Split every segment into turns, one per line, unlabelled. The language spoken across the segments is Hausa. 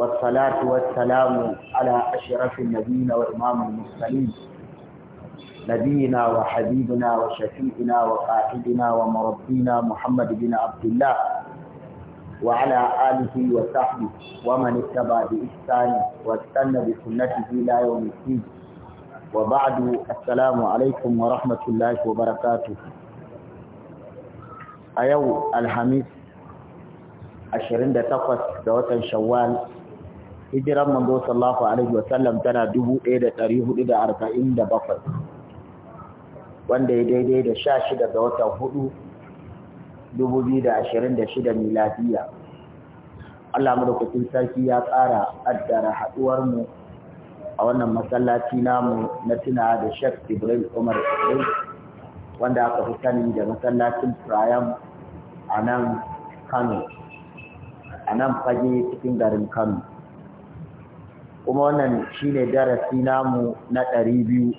والصلاة والسلام على أشرف النبيين وإمام المرسلين نبينا وحبيبنا وشفيئنا وقائدنا ومربينا محمد بن عبد الله وعلى آله وصحبه ومن اتبع بإحسان واستنى بسنته لا يوم الدين وبعد السلام عليكم ورحمة الله وبركاته أيوه الحميد 28 ga watan Shawwal hijiran manzo sallallahu alaihi wasallam tana 1447 wanda ya daidai da 16 ga watan 4 2026 miladiya Allah madaukakin sarki ya tsara addara haduwar mu a wannan masallaci namu na tuna da Sheikh Ibrahim Umar Ibrahim wanda aka fi sani da masallacin Triumph a nan Kano a nan fage cikin garin Kano kuma wannan shine darasi namu na ɗari biyu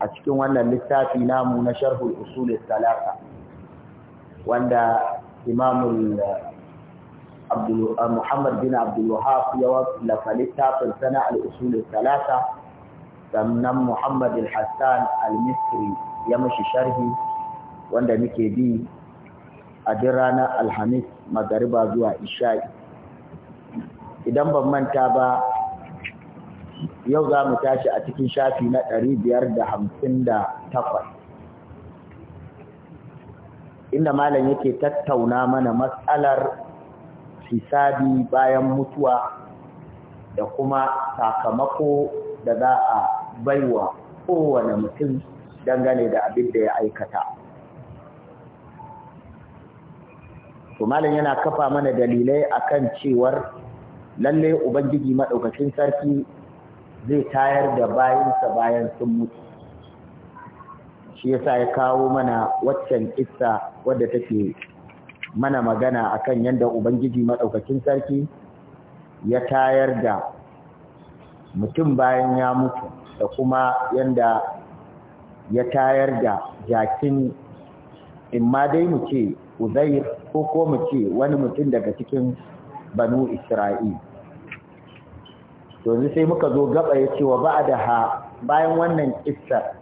a cikin wannan littafi namu na sharhul usul salasa wanda imamul eh, eh, Muhammad bin Abdul Wahab ya wallafa littafin sana al-usul salasa sannan Muhammad al-Hassan al-Misri ya mashi sharhi wanda muke bi a dirana ranar Alhamis magariba zuwa Isha'i idan ban manta ba yau za mu tashi a cikin shafi na ɗari biyar da hamsin da takwas inda malam yake tattauna mana matsalar hisabi bayan mutuwa da kuma sakamako da za a baiwa kowane mutum dangane da abin da ya aikata. to Malam yana kafa mana dalilai akan cewar lalle Ubangiji maɗaukacin sarki zai tayar da bayansa bayan sun mutu shi yasa ya kawo mana waccan kissa wadda take mana magana akan yadda ubangiji maɗaukakin sarki ya tayar da mutum bayan ya mutu da kuma yadda ya tayar da jakin ma dai mu ce uzair ko ko mu ce wani mutum daga cikin banu isra'ila yanzu sai muka zo gaba ya ce wa ha bayan wannan kissa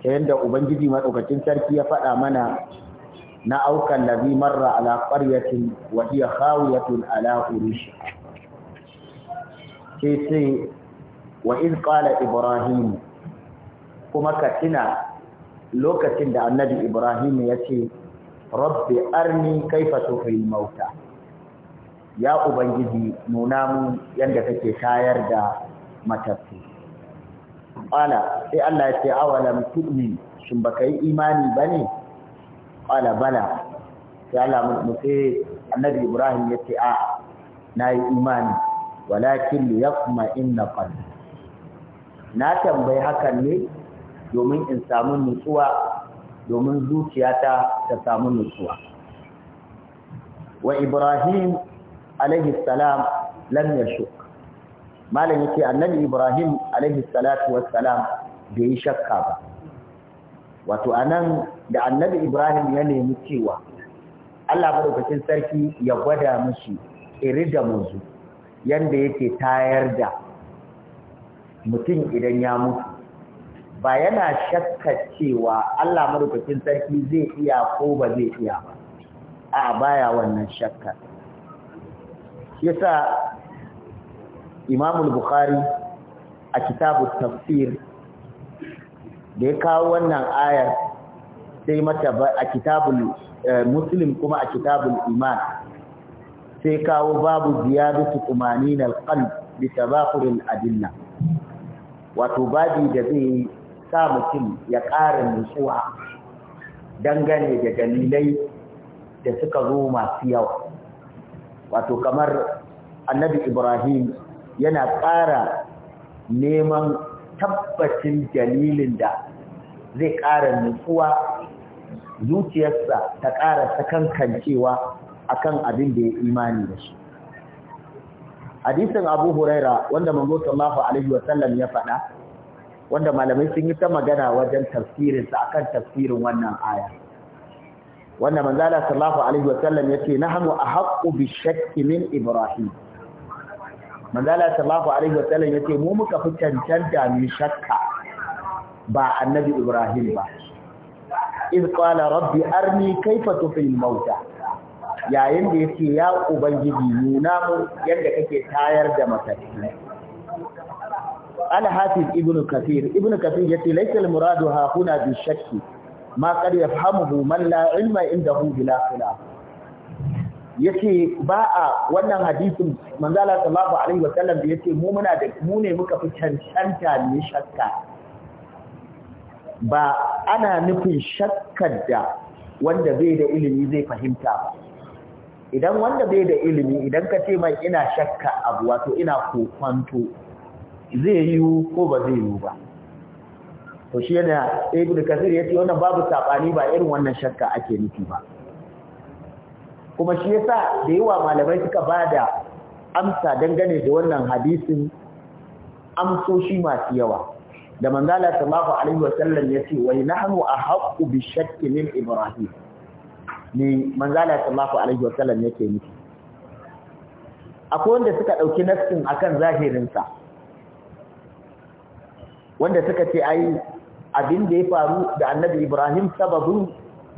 ta yadda ubangiji madaukakin sarki ya faɗa mana na aukan lazi marra ala qaryatin wa khawiyatun ala urush sai sai wa in qala ibrahim kuma ka tina lokacin da annabi ibrahim ya ce rabbi arni kaifa tuhil mauta ya ubangiji nuna mu yadda kake tayar da matattu qala sai Allah ya ce awalam tu'min shin baka yi imani bane qala bala sai Allah mu ce annabi Ibrahim ya ce a na imani walakin yaqma inna qad na tambayi hakan ne domin in samu nutsuwa domin zuciyata ta samu nutsuwa wa Ibrahim alaihi salam lam yashuk malam yace annabi ibrahim alaihi salatu wassalam bai shakka ba wato anan da annabi ibrahim ya nemi cewa Allah madaukakin sarki ya gwada mishi irida muzu yanda yake tayar da mutum idan ya mutu ba yana shakka cewa Allah madaukakin sarki zai iya ko ba zai iya ba a baya wannan shakka yasa imamul bukhari a kitabu tafsir da ya kawo wannan ayar sai mata a kitabul eh, muslim kuma a kitabul iman sai kawo babu ziyadatu tumanin alqalb bi tabaquril adilla wato babi da zai sa mutum ya ƙara nutsuwa dangane da dalilai da suka zo masu yawa wato kamar annabi Ibrahim yana ƙara neman tabbacin dalilin da zai ƙara nutsuwa zuciyarsa ta ƙara sakankancewa akan abin da ya imani da shi hadisin Abu Huraira wanda manzo sallallahu alaihi wasallam ya faɗa wanda malamai sun yi ta magana wajen tafsirinsa akan tafsirin wannan aya wanda manzo sallallahu alaihi wasallam yace nahnu ahaqqu bi shakki Ibrahim manzala sallallahu alaihi ya yace mu muka fi cancanta mu shakka ba annabi ibrahim ba iz rabbi arni kayfa tufil mauta yayin da yace ya ubangiji nuna mu yadda kake tayar da matattu alhafiz ibn kafir, ibn kafir ya ce al-muradu ha huna bi shakki ma qad yafhamuhu man la ilma inda bila khilaf yace ba a wannan hadisin manzala sallallahu alaihi wasallam da yace mu muna da mu ne muka fi cancanta ne shakka ba ana nufin shakkar da wanda bai da ilimi zai fahimta ba idan wanda bai da ilimi idan ka ce mai ina shakka abu wato ina kokwanto zai yiwu ko ba zai yiwu ba to shi yana ibnu kasir yace wannan babu sabani ba irin wannan shakka ake nufi ba kuma shi yasa da yawa malamai suka bada amsa dangane da wannan hadisin amsoshi masu yawa da manzala sallallahu alaihi wasallam yace wa nahnu ahqqu bi shakki min ibrahim ni manzala sallallahu alaihi wasallam yake miki akwai wanda suka dauki naskin akan zahirin sa wanda suka ce ai abin da ya faru da annabi ibrahim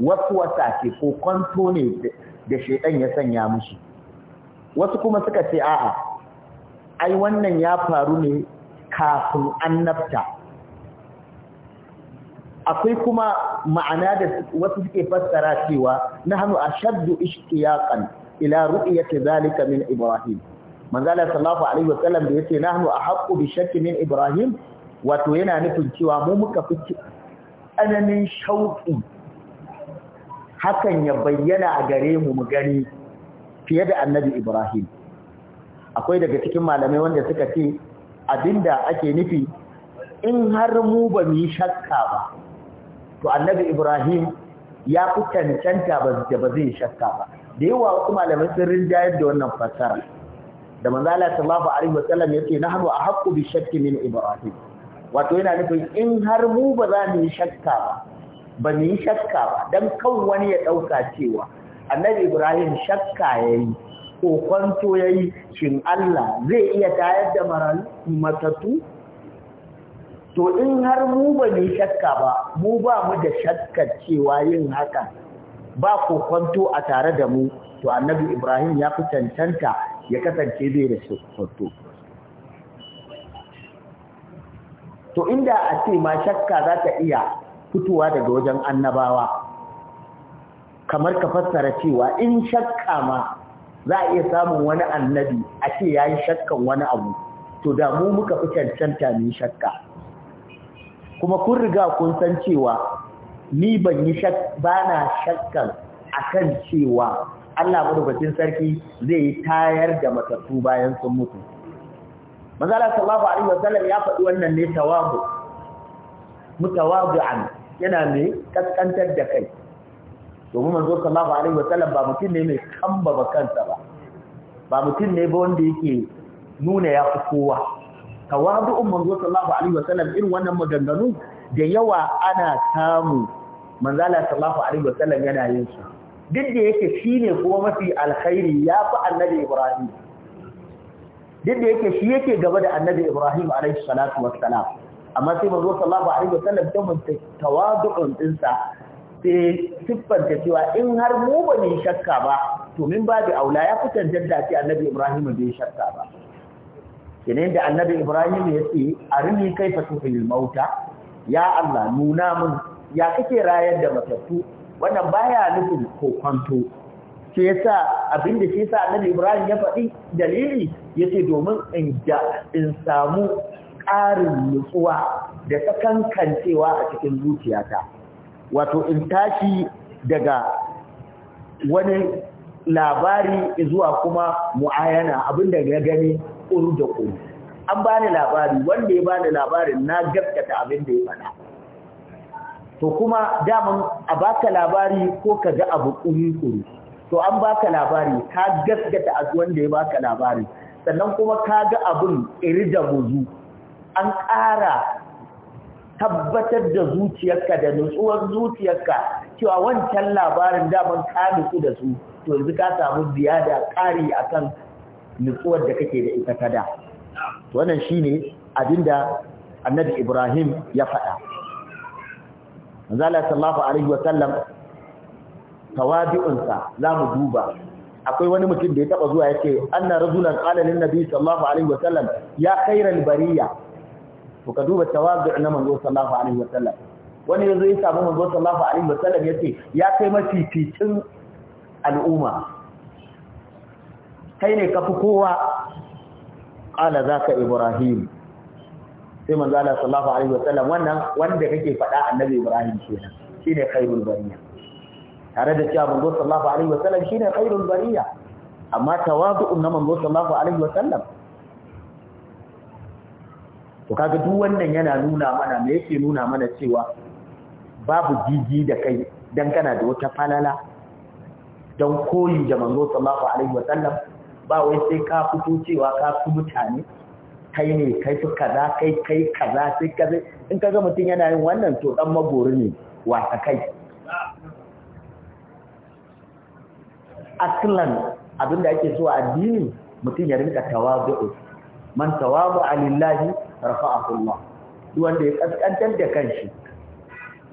wasu wasa ce ko kwanto ne da shaidan ya sanya mushi wasu kuma suka ce a'a ai wannan ya faru ne kafin annabta akwai kuma ma'ana da wasu suke fassara cewa nahnu ashaddu ishtiyaqan ila ru'yati zalika min ibrahim manzala sallallahu alaihi wasallam da yace nahnu ahqqu bi shakki min ibrahim wato yana nufin cewa mu muka fi tsananin shauƙi hakan ya bayyana a gare mu mu gani fiye da annabi Ibrahim akwai daga cikin malamai wanda suka ce abinda ake nufi in har mu ba mu yi shakka ba to annabi Ibrahim ya fi cancanta ba da ba zai shakka ba da yawa wasu malamai sun rinjayar da wannan fasara da manzo Allah sallallahu alaihi wasallam yace nahnu ahqqu bi shakki min Ibrahim wato yana nufin in har mu ba za mu yi shakka ba ba mu yi shakka ba don kan wani ya ɗauka cewa annabi ibrahim shakka ya yi kokonto ya yi shin allah zai iya tayar da matattu to in har mu ba mu yi shakka ba mu ba mu da shakka cewa yin haka ba kokonto a tare da mu to annabi ibrahim ya fi cancanta ya kasance bai da shakka to inda a ce ma shakka za ta iya fitowa daga wajen annabawa kamar ka fassara cewa in shakka ma za a iya samun wani annabi a ce ya yi shakkan wani abu to da mu muka fi cancanta ne shakka kuma kun riga kun san cewa ni ban yi ba na shakkan akan cewa Allah madaukakin sarki zai tayar da matattu bayan sun mutu mazala sallallahu alaihi wasallam ya faɗi wannan ne tawabu mutawabi'an yana mai kaskantar da kai domin manzo sallallahu alaihi wasallam ba mutum ne mai kamba ba kansa ba ba mutum ne ba wanda yake nuna ya fi kowa tawadu'un manzo sallallahu alaihi wasallam irin wannan maganganu da yawa ana samu manzo sallallahu alaihi wasallam yana yin su duk da yake shine kuma mafi alkhairi ya fi annabi Ibrahim duk da yake shi yake gaba da annabi Ibrahim alaihi salatu wassalam amma sai manzo sallallahu alaihi wasallam ta mutunta tawadu'un dinsa sai siffanta cewa in har mu ba ne shakka ba to min ba babu aula ya fitan jadda ce annabi Ibrahim bai shakka ba kenan da annabi Ibrahim ya ce arini kaifa tuhil mauta ya Allah nuna mun ya kake rayar da matattu wannan baya nufin ko kwanto shi yasa da ke sa annabi Ibrahim ya faɗi dalili yace domin in ja in samu ƙarin nutsuwa da ta kankancewa a cikin zuciyata wato in tashi daga wani labari zuwa kuma mu'ayana abinda ya gani ƙuru da ƙuru an bani labari wanda ya bani labarin na gaskata abin da ya faɗa to kuma daman a baka labari ko ka ga abu ƙuri-ƙuri to an baka labari ka gaskata wanda ya baka labari sannan kuma ka ga abin iri da muzu an ƙara tabbatar da zuciyarka da nutsuwar zuciyarka cewa wancan labarin daman ka nutsu da su to yanzu ka samu ziyada ƙari akan nutsuwar da kake da ita ta da wannan shine abinda annabi Ibrahim ya faɗa manzala sallallahu alaihi za zamu duba akwai wani mutum da ya taba zuwa ce anna rajulan qala lin nabi sallallahu alaihi wasallam ya khairal bariya to ka duba tawazu na manzo sallallahu alaihi wasallam wani yanzu ya samu manzo sallallahu alaihi wasallam yace ya kai mafificin al'umma kai ne kafi kowa qala zaka ibrahim sai manzo Allah sallallahu alaihi wasallam wannan wanda kake faɗa annabi ibrahim kenan shine khairul bariya tare da cewa manzo sallallahu alaihi wasallam shine khairul bariya amma tawazu'un na manzo sallallahu alaihi wasallam to kaga duk wannan yana nuna mana me yake nuna mana cewa babu gigi da kai dan kana da wata falala don koyi da manzo sallallahu alaihi wasallam ba wai sai ka fito cewa ka fi mutane kai ne kai fi kaza kai kai kaza sai kaza in kaga mutum yana yin wannan to dan magori ne wasa kai aslan abinda ake so a addini mutum ya rinka tawazu man tawazu Alillahi. rafa'ahu Allah duk wanda ya kaskantar da kanshi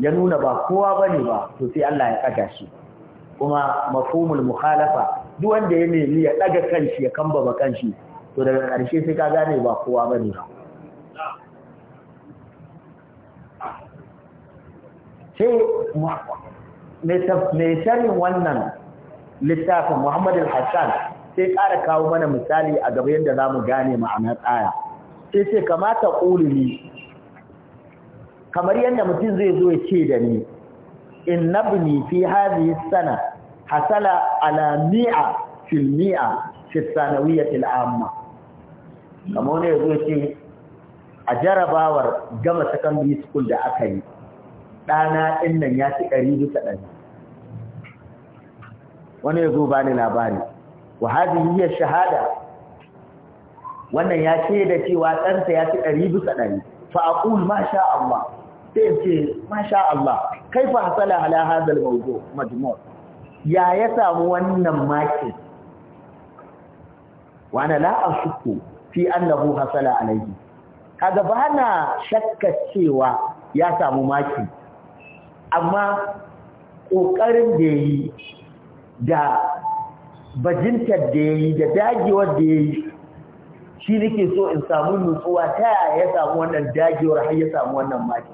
ya nuna ba kowa bane ba to sai Allah ya kaga shi kuma mafhumul mukhalafa duk wanda ya nemi ya daga kanshi ya kambama kanshi to daga ƙarshe sai ka gane ba kowa bane ba sai mai sharhin wannan littafin Muhammad al-Hassan sai ƙara kawo mana misali a gaba yadda za mu gane ma'anar aya. sai ce kamata ƙulini kamar yadda mutum zai zo ya ce da ni in nabni fi hadhihi sana hasala ala mi'a fil mi'a fi sanawiyyati al'amma kamar ne zo ce a jarabawar gama secondary school da aka yi ɗana ɗin nan ya ci ɗari bisa ɗari wani ya zo ba ni labari wa hadhihi shahada wannan ya ce da cewa ɗansa ya ci ɗari bisa ɗari fa aqul ma sha Allah sai in ce masha Allah kaifa hasala ala hadha al ya ya samu wannan maki wa ana la ashku fi annahu hasala alayhi kaga bana shakka cewa ya samu maki amma ƙoƙarin da yi da bajintar da yi da dagewar da yi shi nake so in samu nutsuwa ta yaya ya samu wannan dagewar har ya samu wannan maki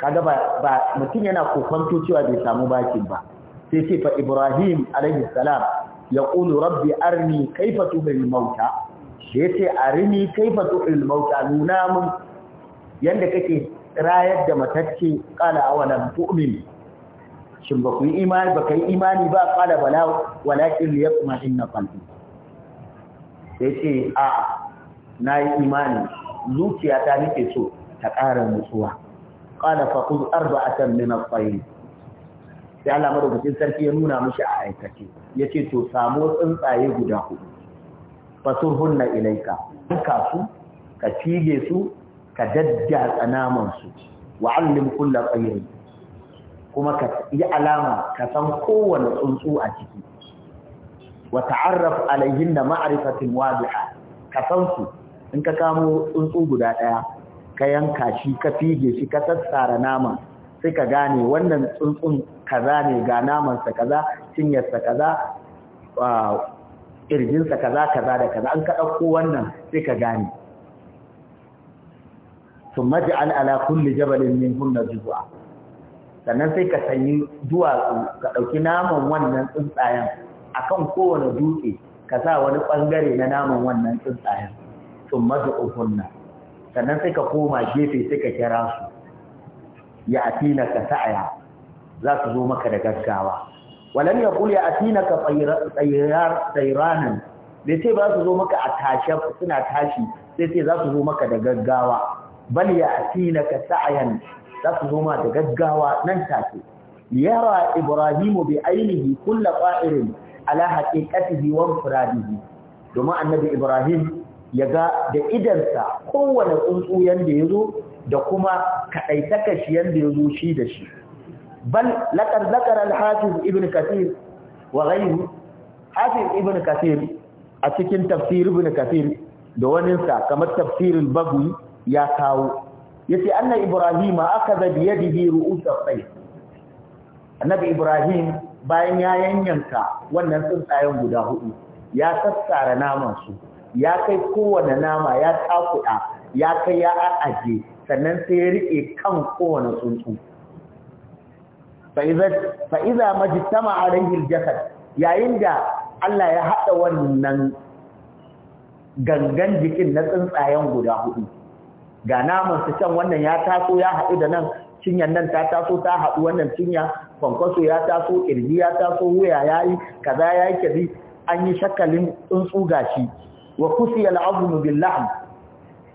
kaga ba ba mutum yana kokonto cewa bai samu bakin ba sai ce fa Ibrahim alaihi salam ya qulu rabbi arni kaifa tuhil mauta sai ce arni kaifa tuhil mauta nuna mun yanda kake rayar da matacce qala awalam tu'min shin ba ku yi imani ba kai imani ba qala bala walakin liyatma inna qalbi ya ce a na yi imani zuciya ta nike so ta ƙara nutsuwa ƙala arba arba'atan min nuna tsayin sai Allah madaukakin sarki ya nuna mashi a aikace Ya ce to samu tsuntsaye guda hudu fasurhunna ilaika ka su ka cije su ka dadda naman su wa allim kullu tsayin kuma ka yi alama ka san kowane tsuntsu a ciki wa ta'arraf alayhin da ma'arifatin wadiha ka san su in ka kamo tsuntsu guda ɗaya ka yanka shi ka fige shi ka sassara naman sai ka gane wannan tsuntsun kaza ne ga namansa kaza sa kaza ƙirjinsa kaza kaza da kaza an ka dauko wannan sai ka gane sun maji al'ala kulli jabalin min hunna zuwa sannan sai ka sanyi duwatsu ka ɗauki naman wannan tsuntsayen akan kowane dutse ka sa wani ɓangare na naman wannan tsuntsayen sun masu ukunna sannan sai ka koma gefe sai ka kira su ya atina ka sa'aya za su zo maka da gaggawa Walan ya kul ya atina ka tsairanan da sai ba su zo maka a tashe suna tashi sai sai za su zo maka da gaggawa bal ya atina ka sa'ayan za su zo ma da gaggawa nan take Yara ibrahimu bi ainihi kullu qa'irin ala haqiqatihi wa infiradihi domin annabi Ibrahim ya ga da idansa kowane tsuntsu yanda yazo da kuma kadaitaka shi yanda yazo shi da shi bal laqad zakara al-hafiz ibn kathir wa ghayru hafiz ibn kathir a cikin tafsir ibn kathir da waninsa kamar tafsirin bagwi ya kawo yace anna ibrahim akaza bi yadihi ru'us al-tayr annabi ibrahim bayan ya yanyanka wannan tsuntsayen guda hudu ya sassara naman su ya kai kowane nama ya takuda ya kai ya a'aje sannan sai ya rike kan kowane tsuntsu fa iza majtama alayhi aljasad yayin da Allah ya hada wannan gangan jikin na tsuntsayen guda hudu ga naman su can wannan ya taso ya haɗu da nan cinyan nan ta taso ta haɗu wannan cinya kwankwaso ya taso kirji ya taso wuya ya yi kaza ya yi kazi an yi shakalin tsuntsu gashi wa kusi al'azmu bil lahm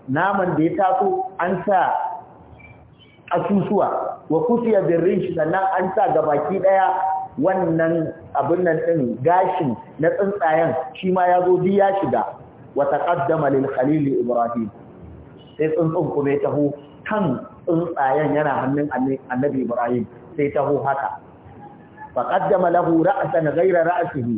naman da ya taso an sa asusuwa wa kusi birrin shi sannan an sa ga baki ɗaya. wannan abin nan din gashin na tsuntsayen shi ma ya zo ya shiga wa taqaddama lil khalil ibrahim sai tsuntsun kuma ya taho kan tsuntsayen yana hannun annabi ibrahim sai taho haka fa qaddama lahu ra'san ghayra ra'sihi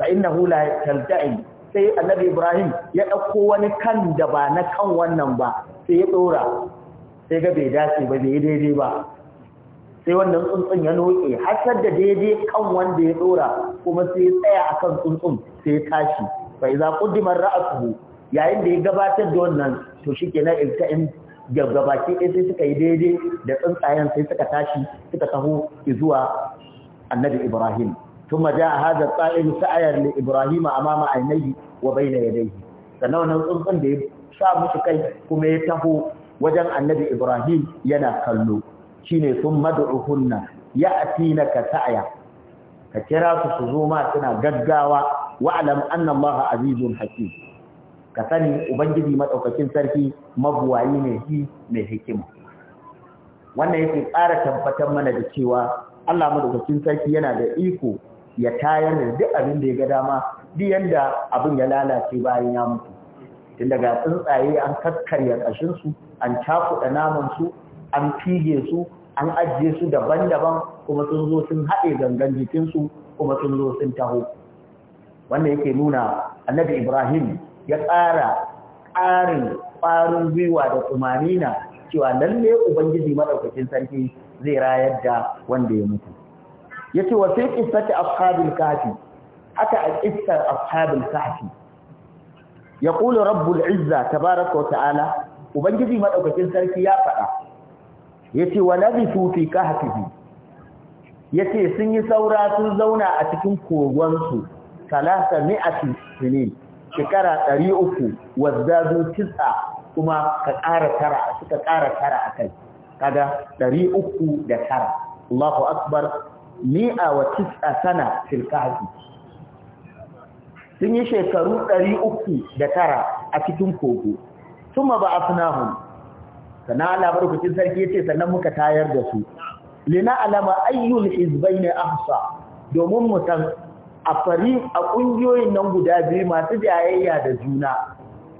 fa innahu la talta'i sai annabi Ibrahim ya dauko wani kan da ba na kan wannan ba sai ya dora sai ga bai dace ba bai daidai ba sai wannan tsuntsun ya noke har da daidai kan wanda ya dora kuma sai ya tsaya akan tsuntsun sai ya tashi fa idza qaddama ra'suhu yayin da ya gabatar da wannan to shikenan ilta'in gabaki ɗaya sai suka yi daidai da tsuntsayen sai suka tashi suka taho zuwa annabi Ibrahim ثم ne Ibrahim الطائر سعيا لابراهيم امام عينيه وبين يديه sannan wannan tsuntsun da ya sa musu kai kuma ya taho wajen annabi ibrahim yana kallo shine sun mad'uhunna ya atina ka sa'ya ka kira su su zo ma suna gaggawa wa'lam anna allah azizun hakim ka sani ubangiji madaukakin sarki mabuwayi ne shi mai hikima wannan yake ƙara tabbatar mana da cewa Allah madaukakin sarki yana da iko ya tayar da duk abin da ya ga dama duk yanda abin ya lalace bayan ya mutu tun daga tsuntsaye an kakkarya kashin su an cakuɗa naman su an fige su an ajiye su daban-daban kuma sun zo sun haɗe gangan jikinsu kuma sun zo sun taho Wannan yake nuna annabi ibrahim ya ƙara ƙarin ƙwarin gwiwa da tsumanina cewa lalle ubangiji madaukakin sarki zai rayar da wanda ya mutu ce wa fi qissati ashabil kafi haka a qissar kafi ya yaqulu rabbul izza baraka wa ta'ala ubangiji madaukakin sarki ya faɗa Ya ce, wa tufi fi Ya ce sun yi saura sun zauna a cikin kogon su salasa mi'ati sinin shekara ɗari uku wazzadu tis'a kuma ka ƙara tara suka ƙara tara a kai kaga ɗari uku da tara Allahu akbar mi'a wa tis'a sana fil sun yi shekaru ɗari uku da tara a cikin kogo suma ba afnahum sana labar kucin sarki ce sannan muka tayar da su lina alama ayyul ne ahsa domin mu san a fari a ƙungiyoyin nan guda biyu masu jayayya da juna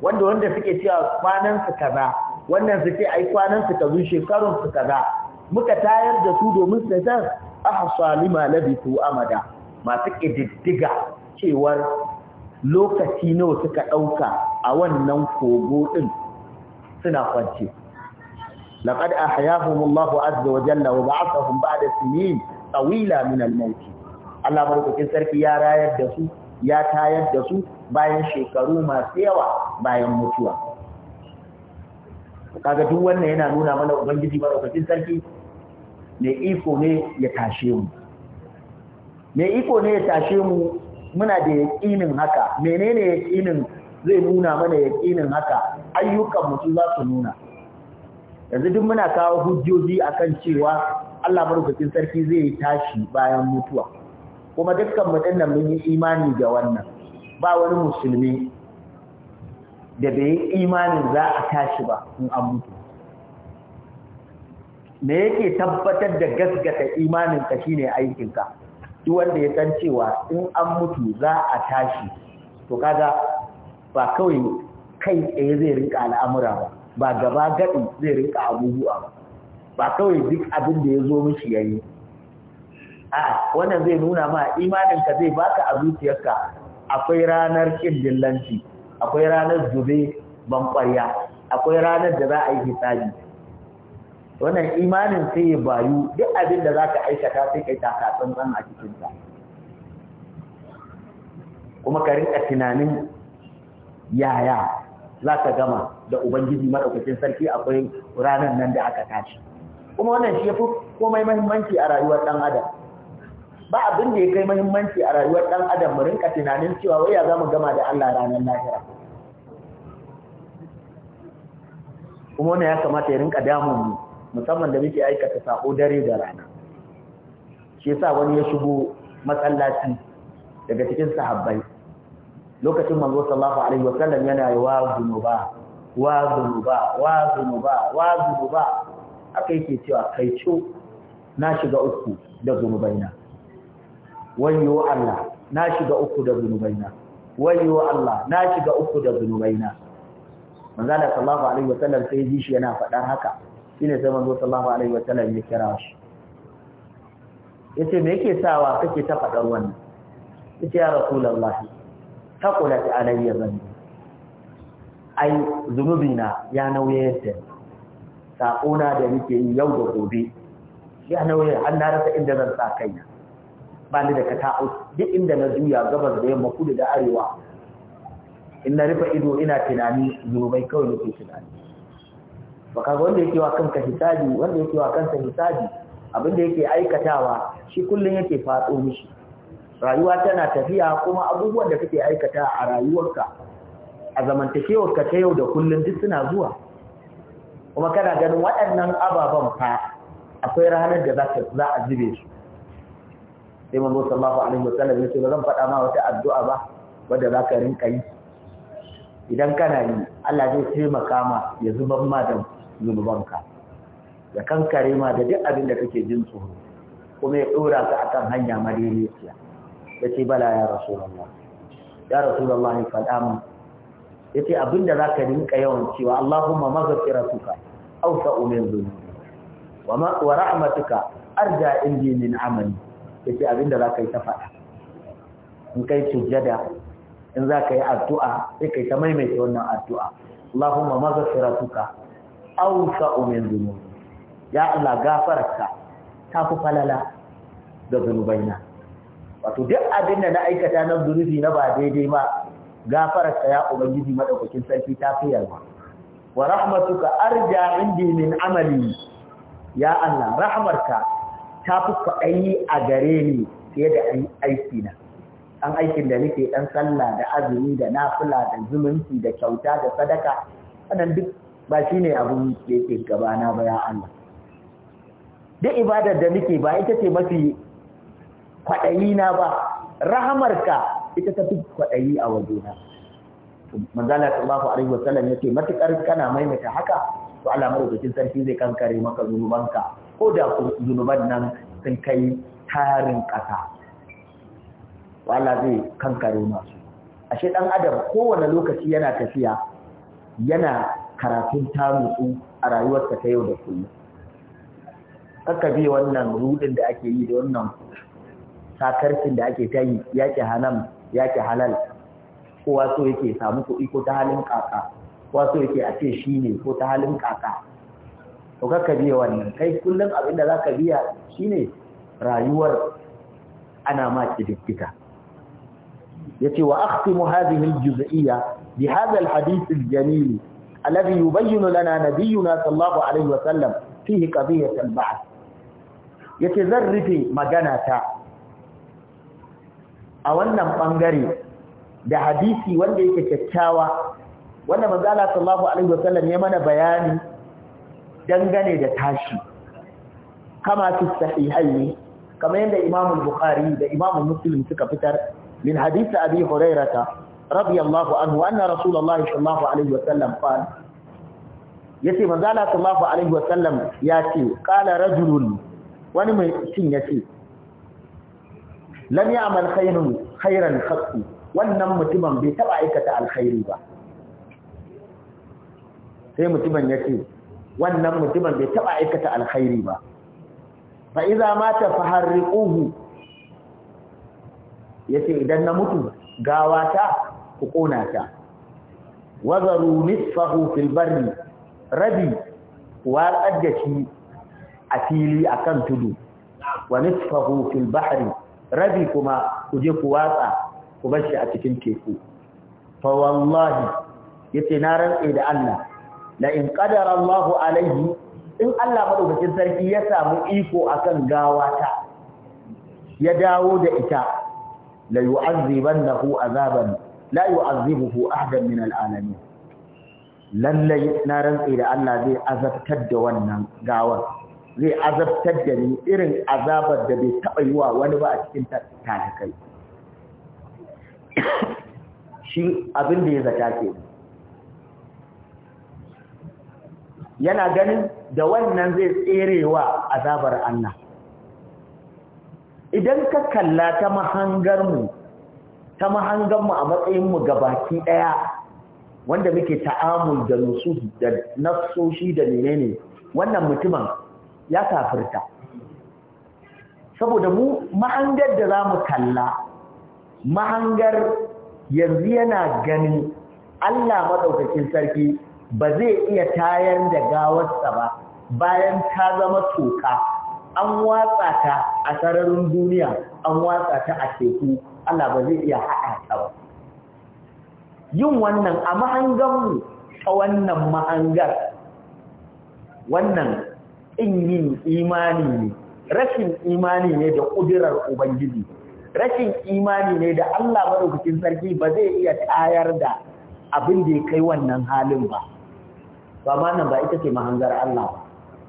wanda wanda suke cewa kwanan su kaza wannan su ce ai kwanan su kazu shekarun su kaza muka tayar da su domin su san aha salima labitu amada masu ƙididdiga cewar lokaci nawa suka ɗauka a wannan kogo ɗin suna kwance laqad ahyahumullahu azza wa jalla wa ba'athahum ba'da sinin tawila min al Allah madaukakin sarki ya rayar da su ya tayar da su bayan shekaru masu yawa bayan mutuwa kaga duk wannan yana nuna mana ubangiji madaukakin sarki ne iko ne ya tashe mu ne iko ne ya tashe mu muna da yaƙinin haka menene yaƙinin zai nuna mana yaƙinin haka ayyukan mutu za su nuna yanzu duk muna kawo hujjoji akan cewa Allah madaukakin sarki zai tashi bayan mutuwa kuma dukkan mu dinnan mun yi imani da wannan ba wani musulmi da bai yi imanin za a tashi ba in an mutu me yake tabbatar da gasgata imaninka shine aikinka duk wanda ya san cewa in an mutu za a tashi to kaga ba kawai kai tsaye zai rinka al'amura ba ba gaba gaɗi zai rinka abubuwa ba ba kawai duk abin da ya zo mishi yayi a wannan zai nuna ma imaninka zai baka a zuciyarka akwai ranar kin dillanci akwai ranar zube ban ƙwarya akwai ranar da za a yi hisabi wannan imanin sai ya bayu duk abin da za ka aikata sai kai takatsan zan a cikinsa kuma ka rinka tunanin yaya za ka gama da ubangiji maɗaukacin sarki akwai ranar nan da aka tashi kuma wannan shi ya fi komai mahimmanci a rayuwar ɗan adam ba abin da ya kai mahimmanci a rayuwar ɗan adam mu rinka tunanin cewa wai ya za mu gama da Allah ranar lahira kuma wani ya kamata ya rinka damun mu musamman da muke aikata sako dare da rana shi yasa wani ya shigo masallaci daga cikin sahabbai lokacin manzo sallallahu alaihi wasallam yana yi wa zunuba wa zunuba wa zunuba wa zunuba akai ke cewa kai ciwo na shiga uku da zunubaina wayyo Allah na shiga uku da zunubaina wayyo Allah na shiga uku da zunubaina manzo Allah sallallahu alaihi wa sallam sai ji shi yana faɗan haka shine sai manzo sallallahu alaihi wa sallam ya kira shi yace me yake sawa kake ta faɗar wannan yace ya rasulullah taqulat alayya dhanbi ai zunubina ya nauye yadda sakona da nake yi yau da gobe ya nauye har na rasa inda zan sa kaina ba da kata'u duk inda na juya gabas da yamma kudu da arewa in na rufe ido ina tunani zunubai kawai nake tunani ba kaga wanda yake wa kanka hisabi wanda yake wa kansa hisabi abin da yake aikatawa shi kullun yake fado mishi rayuwa tana tafiya kuma abubuwan da kake aikata a rayuwarka a zamantakewarka ta yau da kullum duk suna zuwa kuma kana ganin waɗannan ababen fa akwai ranar da za a zube su sai manzo sallallahu alaihi wasallam ce ba zan faɗa ma wata addu'a ba wadda za ka rinka yi idan kana yi Allah zai sai ma ya zubar ma da zunubanka ya kankare ma da duk abin da kake jin tsoro kuma ya ɗora ka akan hanya madaidaiciya ce bala ya rasu Allah. ya rasu Allah ya faɗa Ya ce abin da ka rinka yawan cewa Allahumma maghfiratuka awsa'u min dhunubi wa rahmatuka arja indi min amali ya ce abinda za ka yi ta faɗa in kai sujjada in za ka yi addu'a sai ka yi ta maimaita wannan addu'a Allahumma maghfiratuka awsa'u min dhunubi ya Allah gafararka ta fi falala da zunubaina wato duk abin da na aikata na zunubi na ba daidai ba gafararka ya ubangiji madaukakin sarki ta fi yarwa wa rahmatuka arja indi min amali ya Allah rahmarka ta fi kwaɗayi a gare ni fiye da aiki na An aikin da nake ɗan sallah da azumi da nafila da zumunci da kyauta da sadaka wannan duk ba shi ne abin da yake gabana ba ya Allah duk ibadar da nake ba ita ce mafi kwaɗayi na ba rahamarka ita ta fi kwaɗayi a wajena manzala sallallahu alaihi wasallam yake matukar kana maimaita haka to Allah madaukakin sarki zai kankare maka zunubanka ko da zunuban nan sun kai tarin ƙasa wala zai kankaro masu ashe ɗan adam kowane lokaci yana tafiya yana karatun tamutsu a rayuwarsa ta yau da kullum kakka bi wannan rudin da ake yi da wannan sakarfin da ake ta yi yake hanam yake halal kowa so yake samu kuɗi ko ta halin kaka kowa so yake a ce shi ne ko ta halin kaka to kakka biya wannan kai kullum abin da zaka biya shine rayuwar ana ma kididdiga yace wa akhtimu hadhihi al-juz'iyya bi hadha al-hadith al-jamil alladhi yubayyinu lana nabiyyuna sallallahu alaihi wa sallam fihi qadiyat al-ba'th yace zan rufe magana ta a wannan bangare da hadisi wanda yake kyakkyawa wanda manzo Allah sallallahu alaihi wasallam ya mana bayani dangane da tashi kama fi sahihaini kamar yadda imamun Bukhari da imamun Muslim suka fitar min hadisi Abi Hurairah radiyallahu anhu anna Rasulullah sallallahu alaihi wasallam qala yace manzo Allah sallallahu alaihi wasallam yace qala rajulun wani mai cin yace lam ya'mal khayrun khayran khatti wannan mutumin bai taba aikata alkhairi ba sai mutumin yace wannan mutumin bai taba aikata alkhairi ba fa idza mata faharriquhu yace idan na mutu gawata ku kona ta wazaru nisfahu fil barri rabi wa shi a fili akan tudu wa nisfahu fil bahri rabi kuma ku je ku watsa ku bar shi a cikin teku fa wallahi yace na rantsa da Allah la in qadara Allahu alaihi in Allah madaukakin sarki ya samu iko akan gawata ya dawo da ita la yu'azzibannahu azaban la yu'azzibuhu ahadan min al'alamin lallai na rantsi da Allah zai azabtar da wannan gawar zai azabtar da ni irin azabar da bai taɓa yi wa wani ba a cikin talakai shi abin da ya zata ke yana ganin da wannan zai tserewa azabar Allah idan ka kalla ta mahangar ta mahangar mu a matsayin mu baki daya wanda muke ta'amul da nusuhi da nafsoshi da menene wannan mutumin ya kafirta saboda mu mahangar da zamu kalla mahangar yanzu yana gani Allah madaukakin sarki ba zai iya tayar da gawarsa ba bayan ta zama toka an watsa ta a sararin duniya an watsa ta a teku Allah ba zai iya haɗa ta ba yin wannan a mahanganmu ta wannan mahangar wannan in yin imani ne rashin imani ne da ƙudurar Ubangiji rashin imani ne da Allah Maɗaukakin sarki ba zai iya tayar da abin da ya kai wannan halin ba ba ma nan ba ita ce mahangar Allah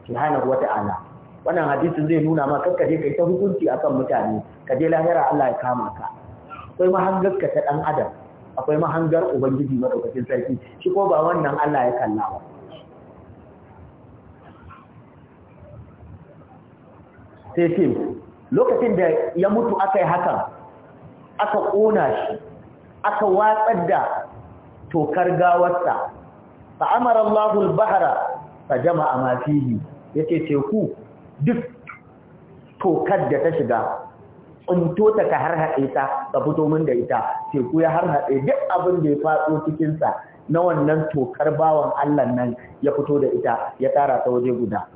subhanahu wata'ala wannan hadisin zai nuna ma kakka je kai ta hukunci akan mutane ka je lahira Allah ya kama ka akwai mahangar ka ta dan adam akwai mahangar ubangiji madaukakin sarki shi ko ba wannan Allah ya kalla ba sai tim lokacin da ya mutu aka yi hakan aka ƙona shi aka watsar da tokar gawarsa fa amara Allahu al-bahra fa jama'a ma fihi yace teku duk tokar da ta shiga tsunto ta ka hade ta ka fito min da ita teku ya har hade duk abin da ya faɗo cikin sa na wannan tokar bawan Allah nan ya fito da ita ya tara ta waje guda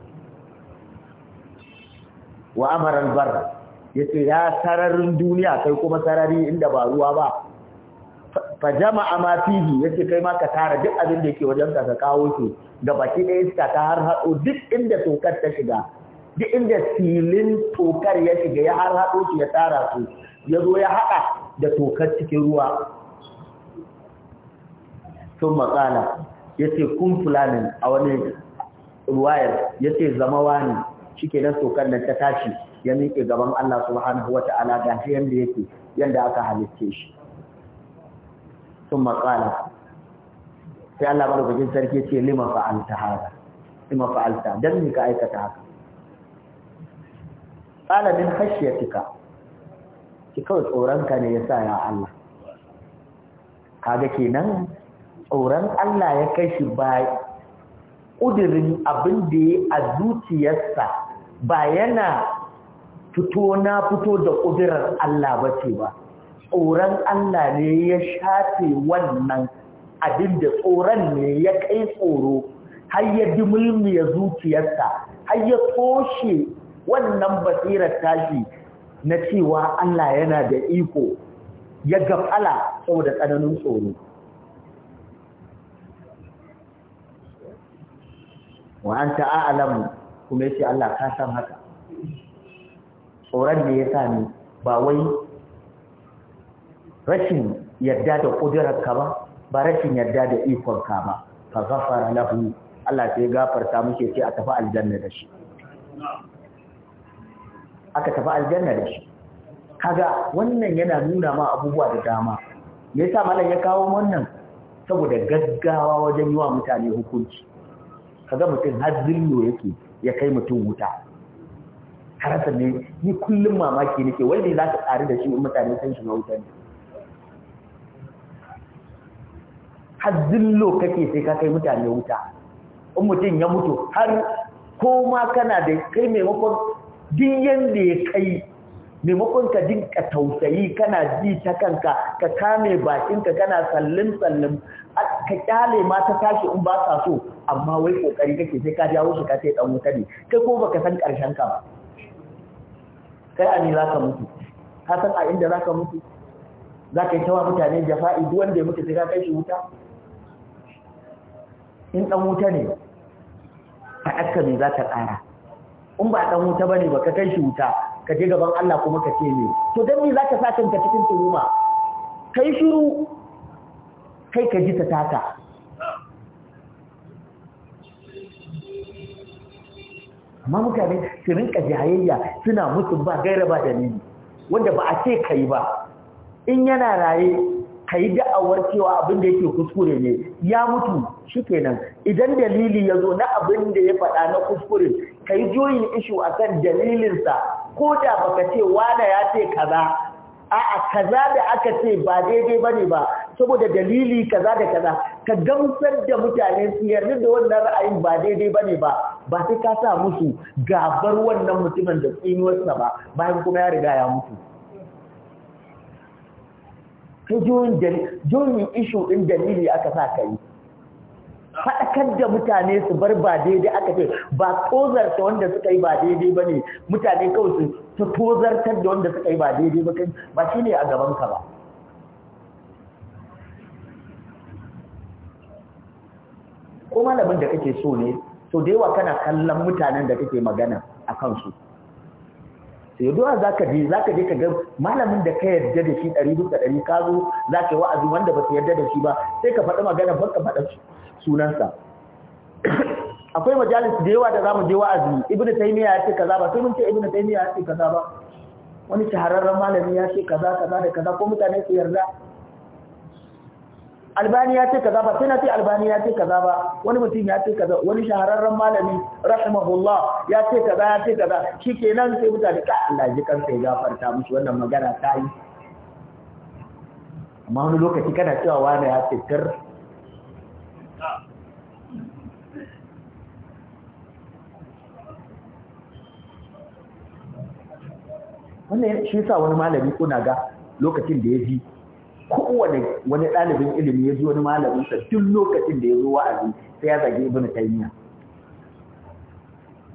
wa amara al bahra yace ya sararin duniya kai kuma sarari inda ba ruwa ba fa jama'a ma fihi yace kai ma ka tara duk abin da yake wajen ka ka kawo shi da baki ɗaya iska ta har haɗo duk inda tokar ta shiga duk inda filin tokar ya shiga ya har haɗo shi ya tara su ya zo ya haɗa da tokar cikin ruwa sun matsala yace kun fulanin a wani ruwayar yace zama wani shike nan tokar nan ta tashi ya miƙe gaban Allah subhanahu wata'ala ga shi yanda yake yadda aka halicce shi sun matsala sai Allah madaukakin sarki ce lima fa'alta haka lima fa'alta don ne ka aikata haka ƙala min cika ki kawai tsoronka ne ya sa ya Allah kaga kenan tsoron Allah ya kai shi ba ƙudurin abin da ya a zuciyarsa ba yana fito na fito da ƙudurar Allah ba ce ba tsoron Allah ne ya shafe wannan abin da tsoron ne ya kai tsoro har ya ya zuciyarsa har ya toshe wannan basirar tashi na cewa Allah yana da iko ya gafala saboda tsananin tsoro wa'an ta'a a'lamu kuma ce Allah ka san haka tsoron ne ya sa ba wai rashin yadda da ƙudurarka ba ba rashin yadda da ikonka ba fa ghafara lahu Allah sai gafarta muke ce a tafi aljanna da shi aka tafi aljanna da shi kaga wannan yana nuna ma abubuwa da dama me yasa malam ya kawo wannan saboda gaggawa wajen yiwa mutane hukunci kaga mutum har zillo yake ya kai mutum wuta har ne ni kullum mamaki nake wai ne za ka tsari da shi mutane sun shiga wuta ne har zillo kake sai ka kai mutane wuta in mutum ya mutu har ko ma kana da kai maimakon din yanda ya kai maimakon ka dinka tausayi kana ji ta kanka ka kame bakinka kana sallin sallin ka kyale ma ta tashi in ba ka so amma wai kokari kake sai ka jawo shi ka sai dan wuta ne kai ko baka san karshen ka ba kai ani za ka mutu ka san a inda za ka mutu za ka yi tawa mutane jafa'i duk wanda ya mutu sai ka kai shi wuta in ɗan wuta ne ka me za ta ƙara in ba ɗan wuta ba ne ba ka kai shi wuta ka je gaban Allah kuma ka ce me to don za ka sa kanka cikin turuma ka yi shiru kai ka ji ta taka amma mutane su rinka jayayya suna mutum ba gairaba ba dalili wanda ba a ce ka yi ba in yana raye ka yi da'awar cewa abin da yake kuskure ne ya mutu shikenan idan dalili ya zo na abin da ya faɗa na kuskure ka yi joyin ishu a kan dalilinsa ko da baka ce wada ya ce kaza a'a kaza da aka ce ba daidai bane ba saboda dalili kaza da kaza ka gamsar da mutane su yarda da wannan ra'ayin ba daidai bane ba ba sai ka sa musu gabar wannan mutumin da tsinuwarsa ba bayan kuma ya riga ya mutu kai juyin ishu ɗin dalili aka sa ka yi faɗakar da mutane su bar ba daidai aka ce ba tozarta wanda suka yi ba daidai ba ne mutane kawai su tozartar da wanda suka yi ba daidai ba kai ba shi ne a gaban ka ba ko malamin da kake so ne so da yawa kana kallon mutanen da kake magana a kansu sai duwa za ka je ka ga malamin da ka yarda da shi ɗari da ɗari ka zo za ka yi wa'azi wanda ba su yarda da shi ba sai ka faɗi magana ban ka faɗa sunansa akwai majalis da yawa da za mu je wa'azi ibnu taymiya ya ce kaza ba sai mun ce ibnu taymiya ya ce kaza ba wani shahararren malami ya ce kaza kaza da kaza ko mutane su yarda albani ya ce kaza ba sai na ce albani ya ce kaza ba wani mutum ya ce kaza wani shahararren malami rahimahullah ya ce kaza ya ce kaza shikenan sai mutane ka Allah ji kansa ya gafarta musu wannan magana ta yi amma wani lokaci kana cewa wani ya ce kar wannan shi sa wani malami kuna ga lokacin da ya ji kowane wani ɗalibin ilimi ya ji wani malamin sa duk lokacin da ya zo wa'azi sai ya zage ibn Ba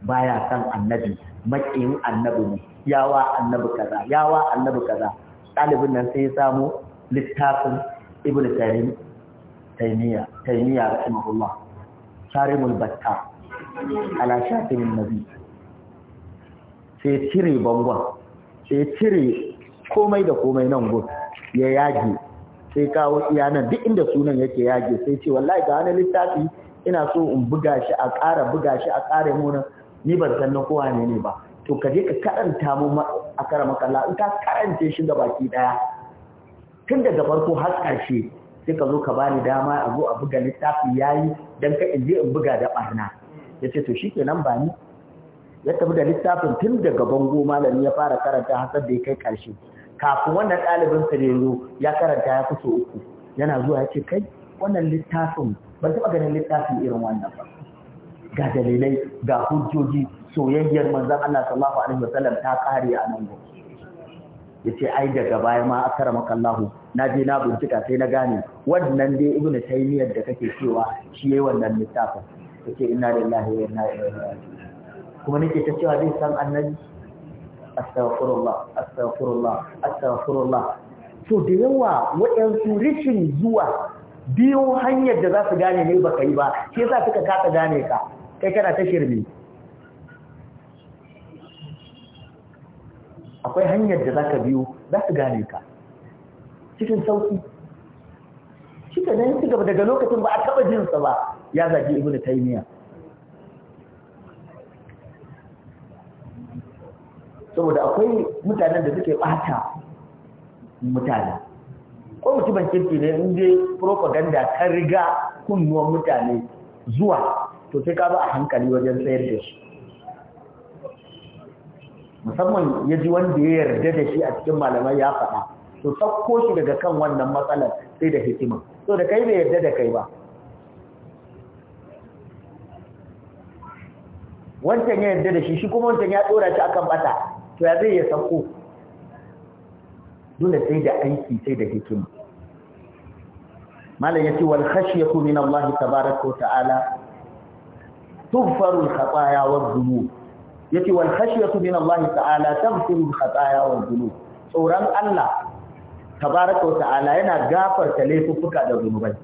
baya san annabi maƙin annabi ne yawa annabi kaza yawa annabi kaza ɗalibin nan sai ya samu littafin ibn taimiya, taymiya taymiya rahimahullah sharimul batta ala shakirin nabi sai cire bangon sai cire komai da komai nan gun ya yage sai kawo iya duk inda sunan yake yage sai ce wallahi ga wani littafi ina so in buga shi a ƙara buga shi a ƙara mu ni ban san na kowa ne ne ba to kaje je ka karanta mu a kara makalla in ka karanta shi ga baki daya tun daga farko har ƙarshe sai ka zo ka bani dama a zo a buga littafi yayi dan ka inje in buga da barna yace to shikenan ba ni ya tafi da littafin tun daga bango malami ya fara karanta hasar da ya kai karshe. kafin wannan ɗalibin sa zo ya karanta ya fito uku yana zuwa ya ce kai wannan littafin ban taɓa ganin littafin irin wannan ba ga dalilai ga hujjoji soyayyar manzon Allah sallallahu alaihi wasallam ta kare a nan gobe yace ai daga baya ma akramaka Allah na je na bincika sai na gane wannan dai ibnu taymiyyah da kake cewa shi yayin wannan littafin yace inna lillahi wa inna ilaihi raji'un kuma nake ta cewa zai san annabi astaghfirullah astaghfirullah astaghfirullah to da yawa waɗansu rishin zuwa biyo hanyar da za su gane ne baka yi ba shi yasa suka kasa gane ka kai kana ta shirme akwai hanyar da za ka biyo za su gane ka cikin sauki shi ka nan ci gaba daga lokacin ba a taɓa jinsa ba ya zaji ibnu taymiya saboda akwai mutanen da suke bata mutane ko mutumin kirki ne in dai propaganda ta riga kunnuwan mutane zuwa to sai ka ba a hankali wajen tsayar da shi musamman ya ji wanda ya yarda da shi a cikin malamai ya faɗa to sauko shi daga kan wannan matsalar sai da hikima to da kai bai yarda da kai ba wancan ya yarda da shi shi kuma wancan ya dora shi akan bata to ya zai ya sauko dole sai da aiki sai da hikima malam yace wal khashyatu min Allah tabaaraka wa ta'ala tughfaru al khataaya wal dhunub yace wal khashyatu min Allah ta'ala taghfiru al khataaya wal dhunub tsoron Allah tabaraka wa ta'ala yana gafarta laifuka da zunubai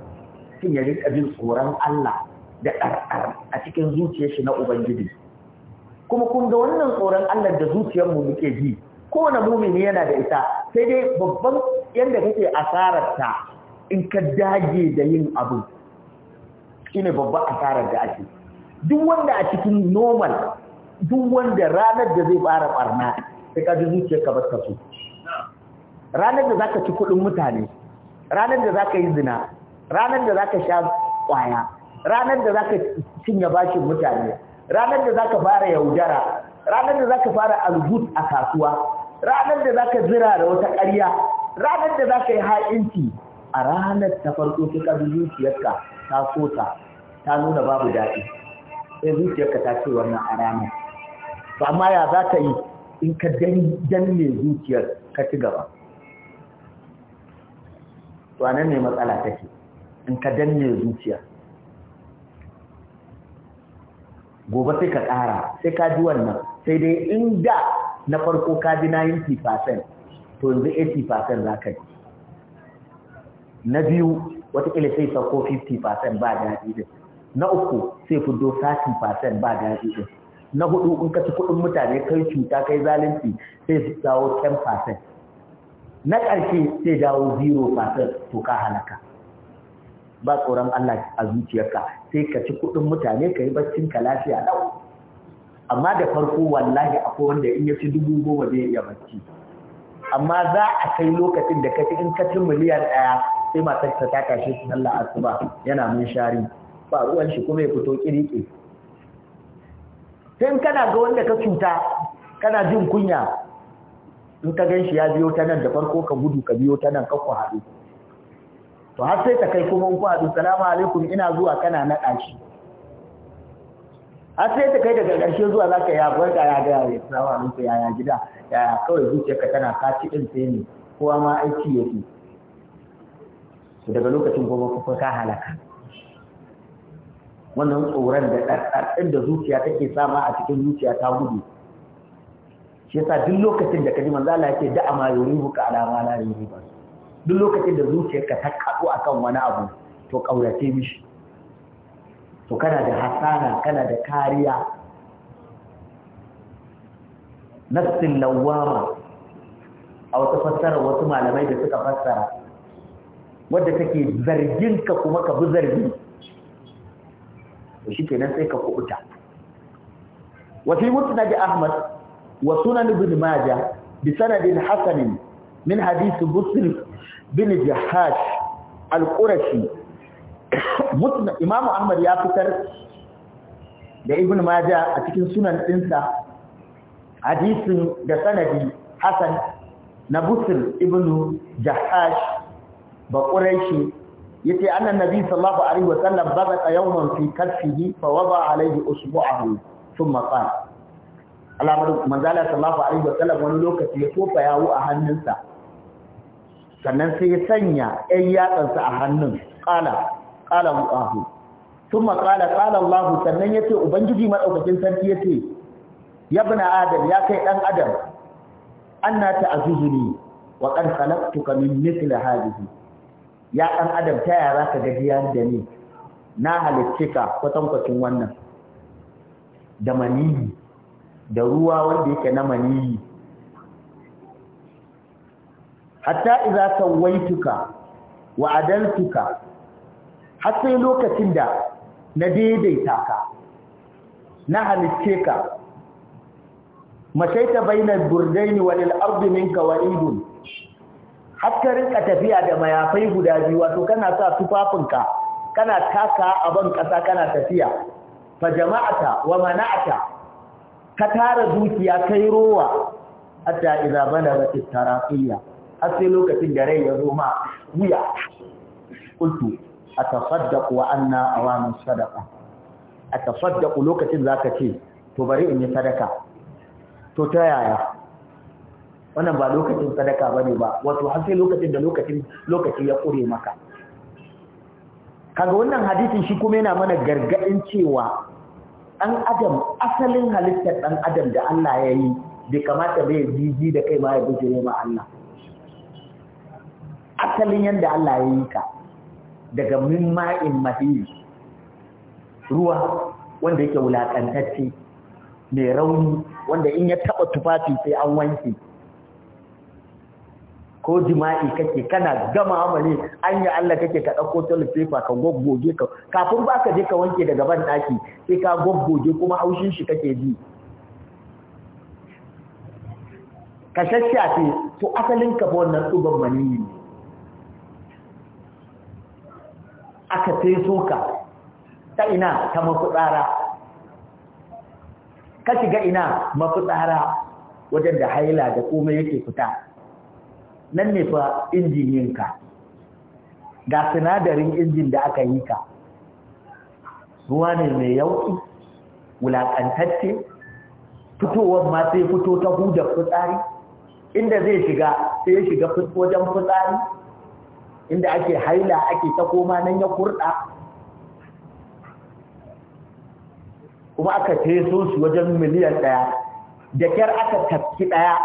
kin ya rika jin tsoron Allah da ƙarƙar a cikin zuciyarsa na ubangiji kuma kun ga wannan tsoron Allah da zuciyarmu muke ji kowane mumini yana da ita sai dai babban yanda kake asararta in ka dage da yin abu shine babban asarar da ake duk wanda a cikin normal duk wanda ranar da zai fara barna sai ka ji zuciyar ka barka su ranar da zaka ci kuɗin mutane ranar da zaka yi zina ranar da zaka sha kwaya ranar da zaka cinye bashin mutane ranar da zaka fara yaudara ranar da zaka fara albut a kasuwa ranar da zaka zira da wata ƙarya ranar da zaka yi ha'inci a ranar ta farko ta zuciyarka ta sota ta nuna babu daɗi sai zuciyarka ta ce wannan a ranar ba amma ya za ka yi in ka danne zuciyar ka ci gaba to nan ne matsala take in ka danne zuciyar gobe sai ka ƙara sai ka ji wannan sai dai in da na farko ka ji 90% to yanzu 80% za ka ji na biyu watakila sai sauko 50% ba daɗi din na uku sai fito 30% ba daɗi din na hudu in ka ci kuɗin mutane kai cuta kai zalunci sai su dawo 10% na ƙarshe sai dawo 0% to ka halaka ba tsoron Allah a zuciyarka sai ka ci kuɗin mutane ka yi baccin ka lafiya dau amma da farko wallahi akwai wanda in ya ci dubu goma zai iya bacci amma za a kai lokacin da ka ci in ka ci miliyan ɗaya sai matar ta ta kashe su Allah asuba yana mun shari ba ruwan shi kuma ya fito kirike sai kana ga wanda ka cuta kana jin kunya in ka gan ya biyo ta nan da farko ka gudu ka biyo ta nan ka ku haɗu to har sai ta kai kuma ku haɗu assalamu alaikum ina zuwa kana na daki har sai ta kai daga ƙarshe zuwa za ka yi abuwar ka ya gaya ya salamu alaikum yaya gida ya kawai zuciyarka tana kaci ɗin sai ne kowa ma aiki yake daga lokacin goma ku ka halaka wannan tsoron da ɗarɗarɗin da zuciya take sama a cikin zuciya ta gudu shi yasa duk lokacin da ka ji manzo Allah yake da'a ma yuribu ka alama la yuribu duk lokacin da zuciyar ka ta a kan wani abu to ƙaurace mishi to kana da hasana kana da kariya nafsin lawama a wata fassara wasu malamai da suka fassara wadda take zargin ka kuma ka bi zargi to kenan sai ka kubuta wafi musnad ahmad wa sunan ibn majah bi sanadin hasanin min hadith muslim bin jahash al-qurashi musnad imam ahmad ya fitar da ibn maja a cikin sunan dinsa hadisin da sanadi hasan na busir ibn jahash ba qurashi yace annan nabi sallallahu alaihi wasallam baqa yawman fi kasfihi fa wada alaihi usbu'ahu thumma qala alamar manzala sallallahu alaihi wasallam wani lokaci ya tofa yawo a hannunsa sannan sai ya sanya ɗan yatsansa a hannun ƙala ƙala Allahu sun maƙala ƙala Allahu sannan ya ce Ubangiji madaukakin sarki ya ce ya Adam ya kai ɗan Adam an na ta'azuzuni wa ƙan halaktuka min mithla hadihi ya ɗan Adam ta yara ka gajiya da ni na halicce ka kwatankwacin wannan da maniyi da ruwa wanda yake na maniyi hatta idza sawaituka wa adaltuka har sai lokacin da na daidaita ka na halicce ka mashaita baina burdaini wani ardi minka walidun har ka rinka tafiya da mayafai guda biyu wato kana sa tufafinka kana taka a ban kasa kana tafiya fa jama'ata wa mana'ata ka tara dukiya kai rowa hatta idza balagat tarafiya har sai lokacin da rai ya zo ma wuya qultu atasaddaqu wa anna awamin sadaqa atasaddaqu lokacin zaka ce to bari in yi sadaka to ta yaya wannan ba lokacin sadaka bane ba wato har sai lokacin da lokacin lokaci ya kure maka kaga wannan hadisin shi kuma yana mana gargadin cewa ɗan adam asalin halittar ɗan adam da Allah ya yi bai kamata bai jiji da kai ma ya bujire ma Allah asalin yadda Allah ya yi ka daga mimma'in mahiri ruwa wanda yake wulakantacce mai rauni wanda in ya taɓa tufafi sai an wanke ko jima'i kake kana gama amale an yi Allah kake ka ɗauko toilet paper ka goggoge ka kafin ba ka je ka wanke daga ban ɗaki sai ka goggoge kuma haushin shi kake ji ka ce to asalin ka fa wannan tsuban maniyi aka sai ka, ta ina ta mafutsara ka shiga ina mafutsara wajen da haila da komai yake fita nan ne fa injininka? ga sinadarin injin da aka yi ka ruwa ne mai yauki wulakantacce fitowar ma sai fito ta hudar fitsari inda zai shiga sai ya shiga wajen fitsari inda ake haila ake ta koma nan ya kurɗa kuma aka teso su wajen miliyan ɗaya da kyar aka tafki ɗaya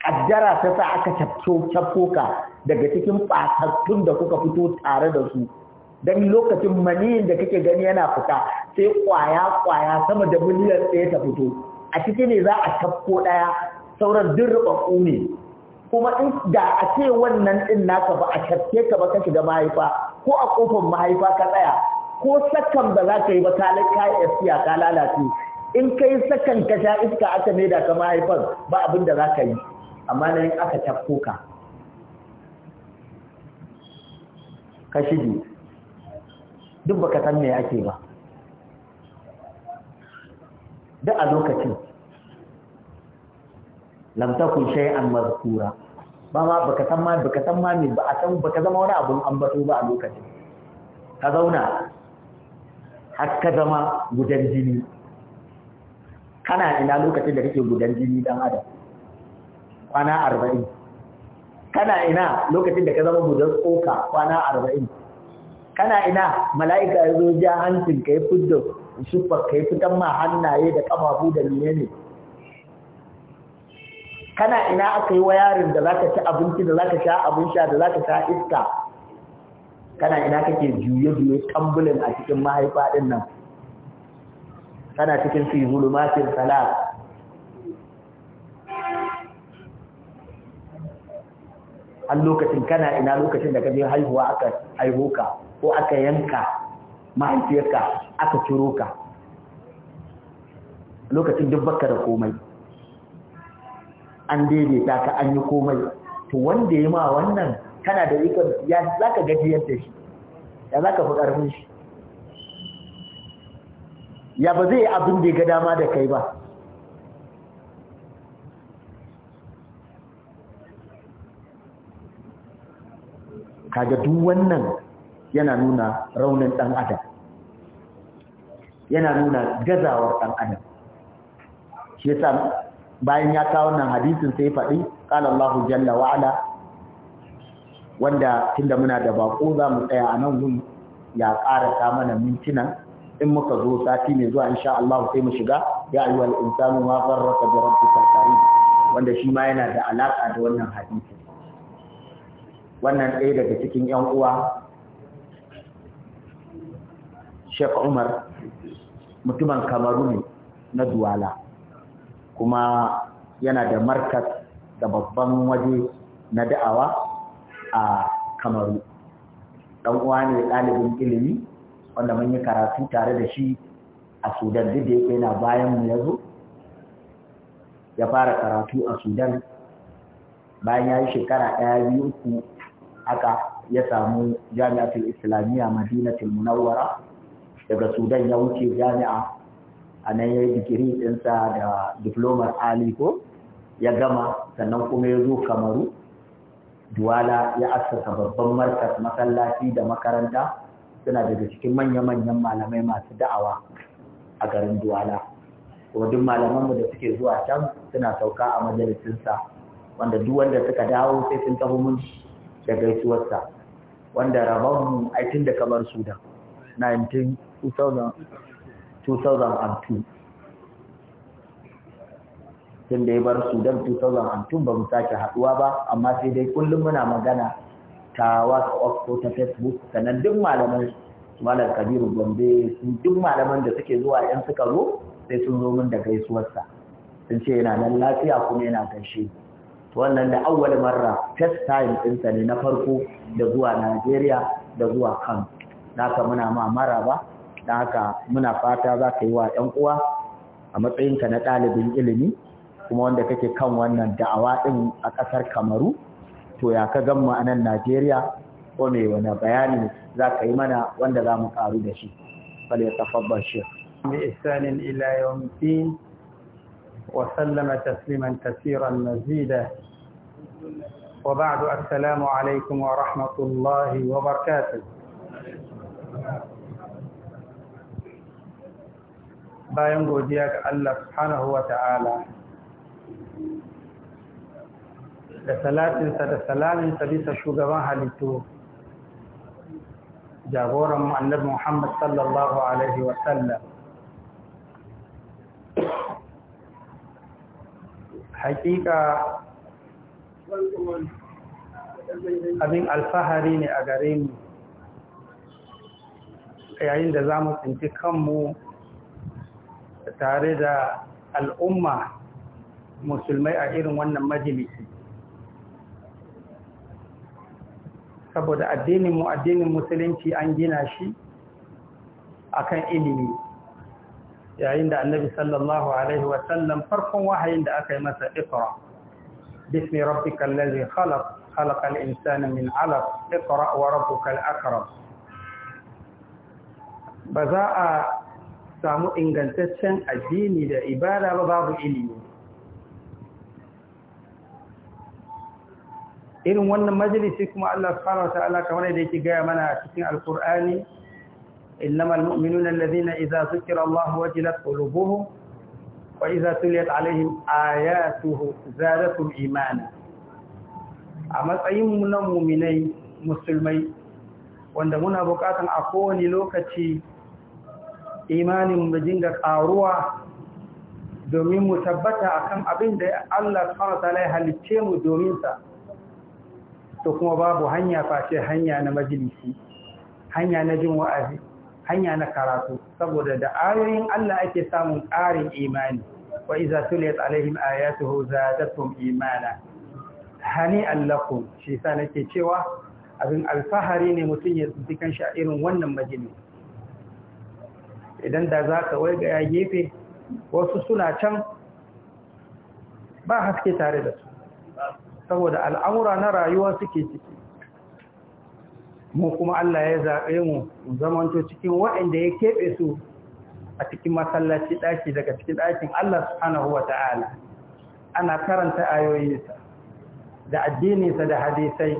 ƙaddara ta sa aka cafko ka daga cikin ɓatattun da kuka fito tare da su don lokacin maniyin da kake gani yana fita sai kwaya-kwaya sama da miliyan ɗaya ta fito a ciki ne za a tafko ɗaya sauran duk ne kuma in da a ce wannan din naka ba a shafke ka ba ka shiga mahaifa ko a kofar mahaifa ka tsaya ko sakan ba za ka yi ba ka lakai ka lalace in kai sakan ka sha iska aka maida ka mahaifar ba abin da za ka yi amma na yin aka tafko ka ka shige duk ba ka san me ake ba duk a lokacin lam takun shay'an mazkura ba ma baka san ma baka san ma ba a san baka zama wani abun ambato ba a lokacin ka zauna har ka zama gudan jini kana ina lokacin da kake gudan jini dan adam kwana 40 kana ina lokacin da ka zama gudan tsoka kwana 40 kana ina mala'ika ya zo ja hancin ka fuddo shi fa kai fitan ma hannaye da kafafu da ne ne kana ina aka yi wayarin da za ka ci abinci da za ka sha abin sha da ka sha iska kana ina kake juye-juye kambulin a cikin mahaifa din nan kana cikin fi zulumatin salat an lokacin kana ina lokacin da ka je haihuwa aka haihu ka ko aka yanka mahaifiyarka aka ciro ka lokacin duk baka da komai an daidaita ka an yi komai to wanda ya ma wannan kana da ikon ya za ka gajiyar da shi ya za fi ƙarfin shi ya ba zai abin da ya ga dama da kai ba kaga duk wannan yana nuna raunin ɗan adam yana nuna gazawar ɗan adam shi sami. bayan ya kawo nan hadisin sai faɗi qala Allahu jalla wa ala wanda tunda muna da bako za mu tsaya a nan gun ya ta mana mintuna, in muka zo sati mai zuwa insha Allah sai mu shiga ya ayyuha al-insanu ma farraka bi rabbika karim wanda shi ma yana da alaka da wannan hadisi wannan ɗaya daga cikin ƴan uwa Sheikh Umar mutumin Kamaru ne na Duwala kuma yana da markas da babban waje na da'awa a kamaru ɗan uwa ne ɗalibin ilimi wanda mun yi karatu tare da shi a sudan duk da yake yana bayan mu ya zo ya fara karatu a sudan bayan ya yi shekara ɗaya biyu uku haka ya samu jami'atul islamiyya madinatul munawwara daga sudan ya wuce jami'a a nan ya yi digiri ɗinsa da diplomar ali ko ya gama sannan kuma ya zo kamaru duwala ya asasa babban markas masallaci da makaranta suna daga cikin manya-manyan malamai masu da'awa a garin duwala kuma duk malamanmu da suke zuwa can suna sauka a majalisinsa wanda duk wanda suka dawo sai sun taho mun da gaisuwarsa wanda rabon mu aikin da kamar sudan 19 2000 2002 tun da ya bar sudan 2002 ba mu sake haduwa ba amma sai dai kullum muna magana ta whatsapp ko ta facebook sannan duk malaman malar kabiru gombe sun duk malaman da suke zuwa yan suka zo sai sun zo min da gaisuwarsa sun ce yana nan lafiya kuma yana gaishe wannan da awwal marra first time ɗinsa ne na farko da zuwa najeriya da zuwa Na naka muna ma maraba haka muna fata za ka yi wa 'yan uwa a matsayinka na ɗalibin ilimi kuma wanda kake kan wannan da'awa ɗin a ƙasar kamaru to ya ka gan mu a nan najeriya ko mai wani bayani za ka yi mana wanda za mu ƙaru da shi bal ya tafabbar shi
بإحسان إلى يوم الدين وسلم تسليما كثيرا مزيدا وبعد alaikum wa rahmatullahi wa وبركاته bayan godiya ga Allah subhanahu wa ta'ala da salatinsa da salaminsa bisa shugaban halittu jagoran annabi Muhammad sallallahu alaihi wa sallam hakika abin alfahari ne a gare mu yayin da za mu tsinci kanmu tare da al'umma musulmai a irin wannan majalisi saboda addinin mu addinin musulunci an gina shi akan ilimi yayin da annabi sallallahu alaihi wasallam farkon wahayin da aka yi masa ikra bismi rabbika ladzi khalaq khalaqal insana min 'alaq iqra wa rabbukal akram ba za a samu ingantaccen addini da ibada ba babu ilimi irin wannan majalisi kuma Allah subhanahu wataala kamar da yake gaya mana a cikin alkur'ani innamal mu'minuna alladhina idza zukira Allah wajilat qulubuhum wa idza tuliyat alaihim ayatuhu zadatuhum imana a matsayin mu na mu'minai musulmai wanda muna bukatan a kowane lokaci imanin mu dinga karuwa domin mu tabbata akan abin da Allah subhanahu wataala ya halicce mu domin sa to kuma babu hanya face hanya na majalisi hanya na jin wa'azi hanya na karatu saboda da ayoyin Allah ake samun ƙarin imani wa iza tuliyat alaihim ayatuhu zadatuhum imana hani allakum shi sa nake cewa abin alfahari ne mutum ya tsinci kanshi a irin wannan majalisi idan da za ka waiga ya gefe wasu suna can ba haske tare da su saboda al'amura na rayuwa suke ciki mu kuma Allah ya zaɓe mu zamanto cikin waɗanda ya keɓe su a cikin masallaci ɗaki daga cikin ɗakin Allah subhanahu wa ta'ala ana karanta ayoyinsa da addininsa da hadisai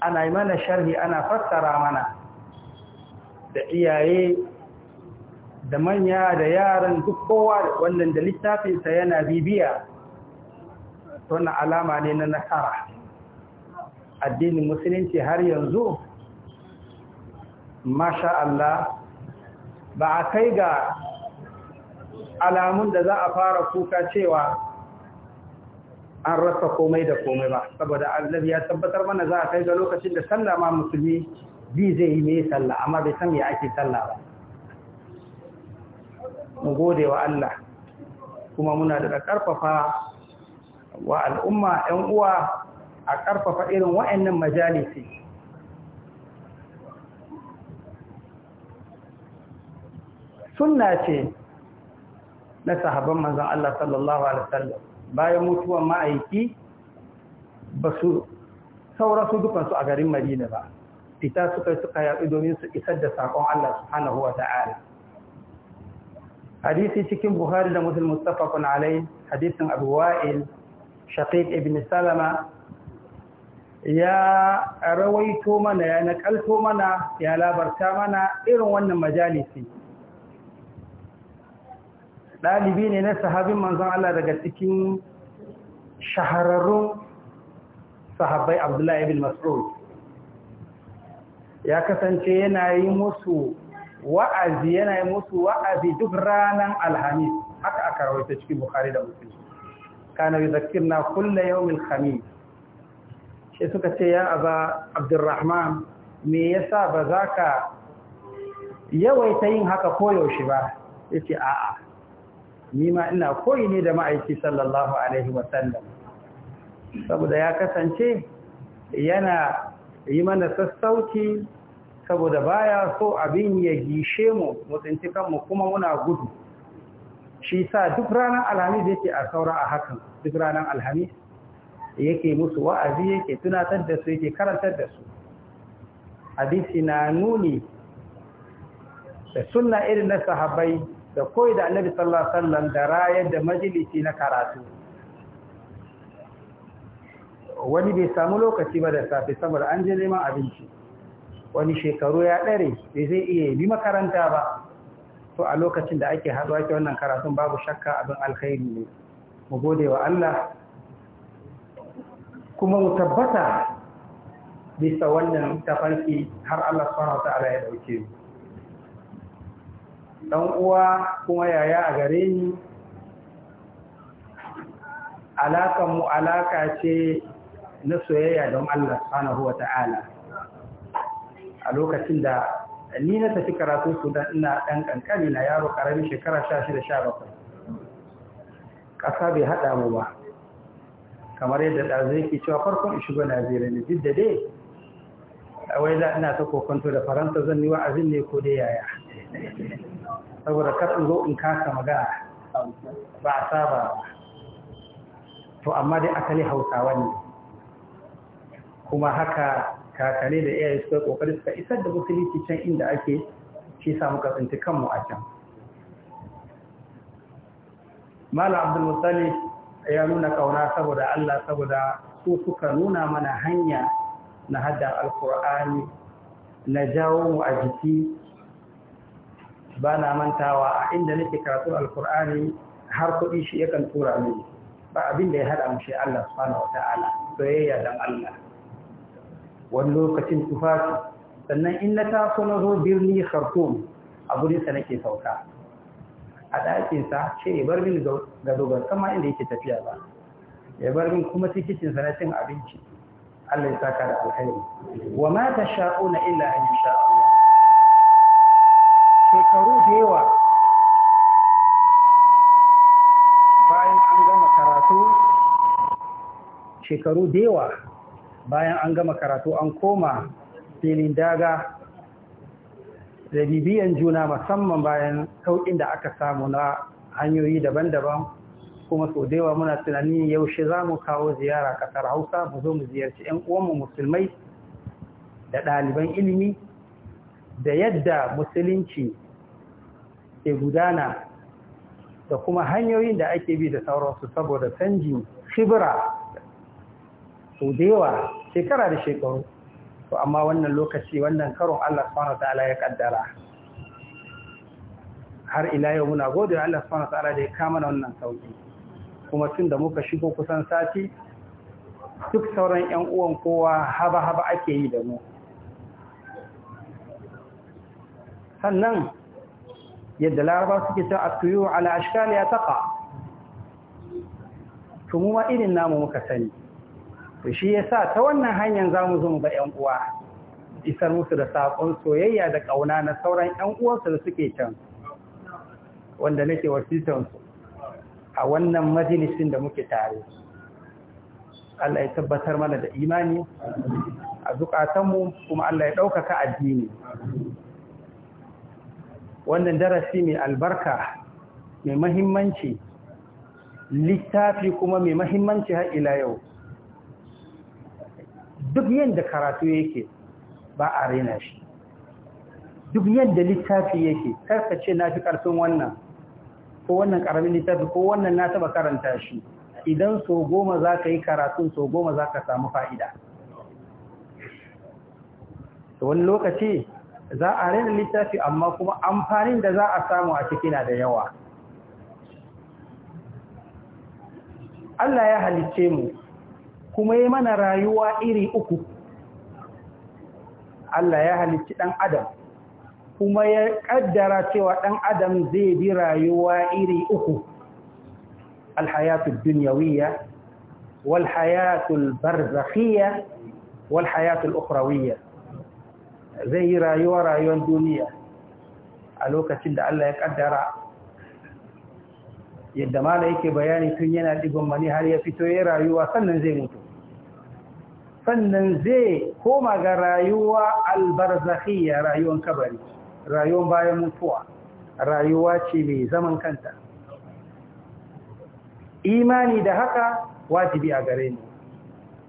ana yi mana sharhi ana fassara mana da iyaye da manya da yaran duk kowa wannan da littafinsa yana bibiya wannan alama ne na nasara addinin musulunci har yanzu masha Allah ba a kai ga alamun da za a fara kuka cewa an rasa komai da komai ba saboda annabi ya tabbatar mana za a kai ga lokacin da sallama ma musulmi bi zai yi mai sallah amma bai san me ake sallah ba mu gode wa Allah kuma muna da ƙarfafa wa al'umma ‘yan uwa a ƙarfafa irin wa'yannan majalisi sunna ce na sahabban manzan Allah sallallahu Alaihi wasallam bayan mutuwan ma'aiki ba su saura su dukansu a garin Madina ba fita suka suka yaɗu domin su isar da saƙon Allah subhanahu wa ta'ala hadisi cikin buhari da muslim mustafakun alai hadisin abu wa'il shaqiq ibn salama ya rawaito mana ya nakalto mana ya labarta mana irin wannan majalisi ɗalibi ne na sahabin manzon Allah daga cikin shahararrun sahabbai abdullahi ibn mas'ud ya kasance yana yi musu wa'azi yana yi musu wa'azi duk ranar alhamis haka aka rawaita cikin bukari da mutum kana yi zakir na kulle yawmin hamis shi suka ce ya aba abdurrahman me yasa ba za ka yawaita yin haka koyaushe ba ya ce a'a nima ina koyi ne da ma'aiki sallallahu alaihi wasallam saboda ya kasance yana yi mana sassauki. saboda baya so abin ya gishe mu mutsinci kanmu kuma muna gudu shi sa duk ranar alhamis yake a saura a hakan duk ranar alhamis yake musu wa'azi yake tunatar da su yake karantar da su hadisi na nuni da sunna irin na sahabbai da koi da annabi sallallahu alaihi da rayar da majalisi na karatu wani bai samu lokaci ba da safe saboda an je neman abinci wani shekaru ya ɗare bai zai iya bi makaranta ba to a lokacin da ake haɗuwa ake wannan karatun babu shakka abin alkhairi ne mu gode wa Allah kuma mu tabbata bisa wannan tafarki har Allah subhanahu ta'ala ya dauke mu dan uwa kuma yaya a gare ni alakan mu alaka ce na soyayya don Allah subhanahu ta'ala a lokacin da ni na tafi karatu sudan ina ɗan ƙanƙani na yaro ƙarami shekara sha shida sha bakwai ƙasa bai haɗa mu ba kamar yadda ɗazai ke cewa farkon shigo najeriya ne duk da dai a wai za ina ta kokonto da faransa zan yi wa'azin ne ko dai yaya saboda kar in zo in kasa magana ba a saba to amma dai akali hausawa ne kuma haka kakane da iyaye suka kokari suka isar da musulunci can inda ake shi sa muka tsinci kanmu a can mala abdul ya nuna kauna saboda Allah saboda su suka nuna mana hanya na hadda alkur'ani na jawo mu a jiki ba na mantawa a inda nake karatu alkur'ani har kuɗi shi yakan tura mini ba abin da ya haɗa mu shi Allah subhanahu wa ta'ala soyayya dan Allah wani lokacin tufafi sannan in na taso na zo birni khartoum a gurinsa nake sauka a ɗakinsa ce ya bar min ga ban sama inda yake tafiya ba ya bar min kuma sa na cin abinci Allah ya saka da alkhairi wa ma ta sha'una illa an yasha shekaru da yawa bayan an gama karatu shekaru da yawa bayan an gama karatu an koma filin daga da bibiyan juna musamman bayan sauƙin da aka samu na hanyoyi daban-daban kuma tsodewa da yawa muna tunani yaushe za mu kawo ziyara ƙasar hausa mu zo mu ziyarci 'yan uwanmu musulmai da ɗaliban ilimi da yadda musulunci ke gudana da kuma hanyoyin da ake bi da sauransu saboda canji shibira sau da shekara da shekaru to amma wannan lokaci wannan karon Allah subhanahu ta'ala ya kaddara har ila yau muna gode Allah subhanahu ta'ala da ya kama wannan sauki kuma tun da muka shigo kusan sati duk sauran 'yan uwan kowa haba haba ake yi da mu sannan yadda laraba suke cewa atuyu ala ashkali ya taqa kuma irin namu muka sani to shi sa, ta wannan hanyar zamu zo mu ga yan uwa isar musu da saƙon soyayya da ƙauna na sauran yan uwansu da suke can wanda nake wasitan su a wannan majalisin da muke tare Allah ya tabbatar mana da imani a zukatanmu kuma Allah ya ɗaukaka addini wannan darasi mai albarka mai mahimmanci littafi kuma mai mahimmanci har ila yau duk yadda karatu yake ba a raina shi duk yadda littafi yake karka ce na fi ƙarfin wannan ko wannan ƙaramin littafi ko wannan na taba karanta shi idan so goma za ka yi karatun so goma za ka samu fa'ida da wani lokaci za a raina littafi amma kuma amfanin da za a samu a ciki na da yawa Allah ya halicce mu kuma yi mana rayuwa iri uku Allah ya halicci ɗan adam kuma ya ƙaddara cewa ɗan adam zai bi rayuwa iri uku alhayatul duniyawiyya, walhayatul barzakhiyya wal zai yi rayuwa rayuwar duniya a lokacin da Allah ya ƙaddara yadda mala yake bayani tun yana ɗigon mani har ya fito ya rayuwa sannan zai mutu sannan zai koma ga rayuwa albarzakhiyya rayuwan kabari rayuwar bayan mutuwa rayuwa ce mai zaman kanta imani da haka wajibi a gare mu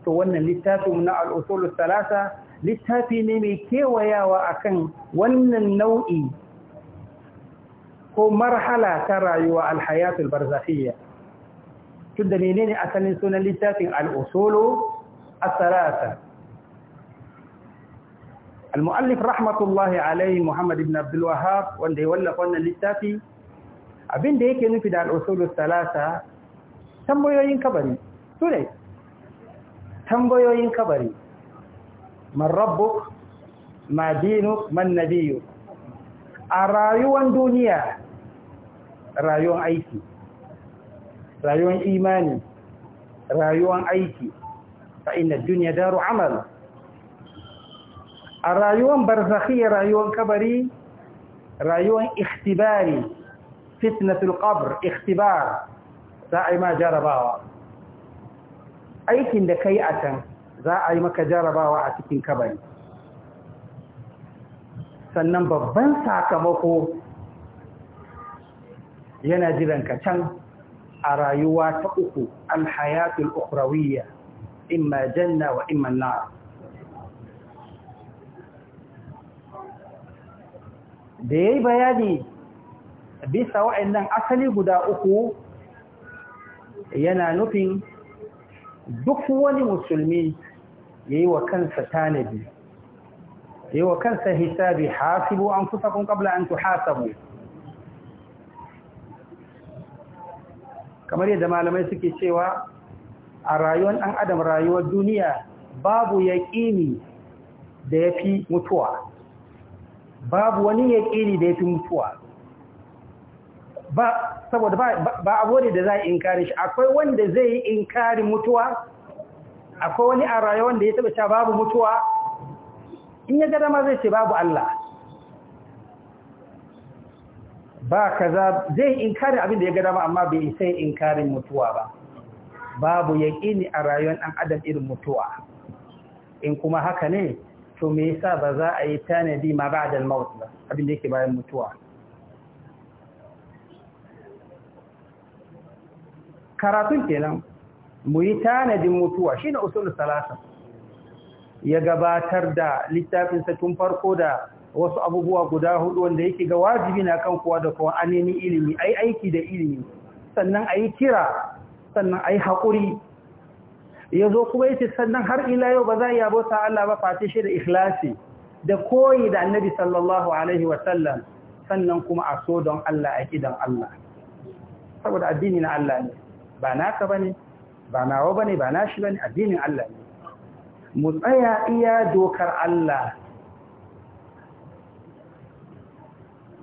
to wannan littafin na al'usulul salasa, littafi ne mai kewayawa akan wannan nau'i ko marhala ta rayuwa alhayatul barzakhiyya tunda menene asalin sunan littafin al'usulu الثلاثة المؤلف رحمة الله عليه محمد بن عبد الوهاب وانده يولق وانا للتافي abin da yake nufi da al'usulun talata tambayoyin kabari su tambayoyin kabari man rabbuk ma dinuk man nabiyu a rayuwan duniya rayuwan aiki rayuwan imani rayuwan aiki fa'inna duniya daru amal a rayuwan barzakhiyar rayuwan kabari rayuwar ikhtibari fitnatul qabr ikhtibar za a yi ma jarabawa aikin da kai a can za a yi maka jarabawa a cikin kabari sannan babban sakamako yana jiran ka can a rayuwa ta uku alhayatul ukrawiyya إما جنة وإما النار da ya yi bayani bisa wa'annan asali guda uku yana nufin duk wani musulmi ya yi wa kansa tanadi ya yi wa kansa hisabi hasibu an kusa kun kabla an tu hasabu kamar yadda malamai suke cewa a rayuwar ɗan adam rayuwar duniya babu yaƙini da ya fi mutuwa babu wani yaƙini da ya fi mutuwa ba saboda ba abu ne da za a inkari shi akwai wanda zai yi inkari mutuwa akwai wani a rayuwar da ya taɓa cewa babu mutuwa in ya gada ma zai ce babu Allah ba kaza zai inkari abin da ya gada ma amma bai sai inkarin mutuwa ba babu yaƙini a rayuwar ɗan adam irin mutuwa in kuma haka ne to me yasa ba za a yi tanadi ma ba da maut ba abin da yake bayan mutuwa karatun kenan mu yi tanadin mutuwa shine usul salasa ya gabatar da littafinsa tun farko da wasu abubuwa guda hudu wanda yake ga wajibi na kan kuwa da kowa an nemi ilimi ai aiki da ilimi sannan a yi kira sannan a yi haƙuri ya zo kuma yace sannan har ila yau ba za a yi abota Allah ba fati shi da ikhlasi da koyi da annabi sallallahu alaihi wasallam sannan kuma a so don Allah a kidan Allah saboda addini na Allah ne ba naka bane ba nawa bane ba na ba bane addinin Allah ne mu tsaya iya dokar Allah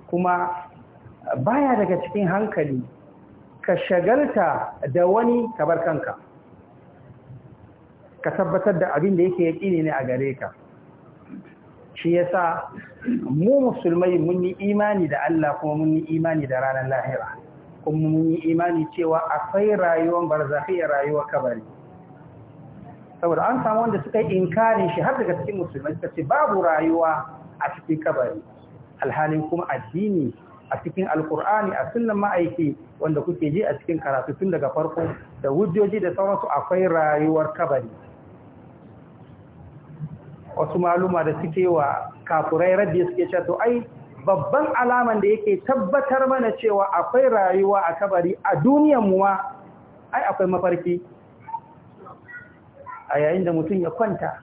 kuma baya daga cikin hankali ka shagalta da wani ka bar kanka ka tabbatar da abin da yake yaƙi ne a gare ka shi sa mu musulmai mun yi imani da Allah kuma mun yi imani da ranar lahira kuma mun yi imani cewa akwai rayuwar barzakhiyar rayuwar kabari saboda an samu wanda suka yi inkarin shi har daga cikin musulmai suka ce babu rayuwa a cikin kabari alhalin kuma addini a cikin alkur'ani a sunan ma'aiki wanda kuke ji a cikin karatu tun daga farko da wujoji da sauransu akwai rayuwar kabari wasu maluma da suke wa kafurai rabbi suke cewa to ai babban alaman da yake tabbatar mana cewa akwai rayuwa a kabari a duniyan mu ma ai akwai mafarki a yayin da mutum ya kwanta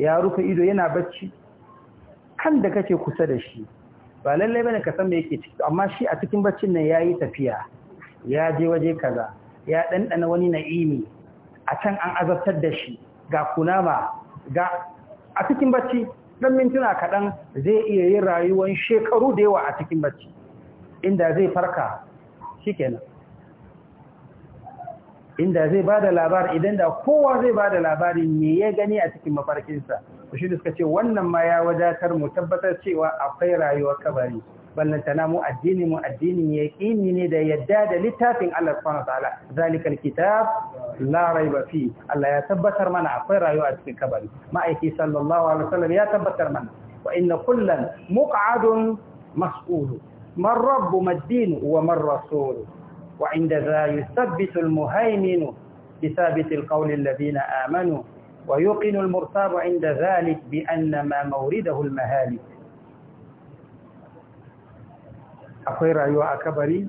ya rufe ido yana bacci kan da kake kusa da shi ba lallai bane ka san me yake ciki amma shi a cikin baccin nan yayi tafiya ya je waje kaza ya dandana wani na'imi a can an azabtar da shi ga kunama ga a cikin bacci dan mintuna kaɗan zai iya yin rayuwar shekaru da yawa a cikin bacci inda zai farka shikenan inda zai bada labari idan da kowa zai bada labari me ya gani a cikin mafarkinsa shi da suka ce wannan ma ya wadatar mu tabbatar cewa akwai rayuwar kabari na mu addini mu Ya yaqini ne da yadda da littafin Allah subhanahu wataala zalikal kitab la raiba fi Allah ya tabbatar mana akwai rayuwa cikin kabari ma'aiki sallallahu alaihi wasallam ya tabbatar mana wa inna kullan muq'adun mas'ul man rabbu maddin wa man rasul wa inda za yuthabbitu al muhaiminu, bi thabit al qawl alladhina amanu ويوقن المرتاب bi ذلك بأن ما مورده المهالك akwai rayuwa a kabari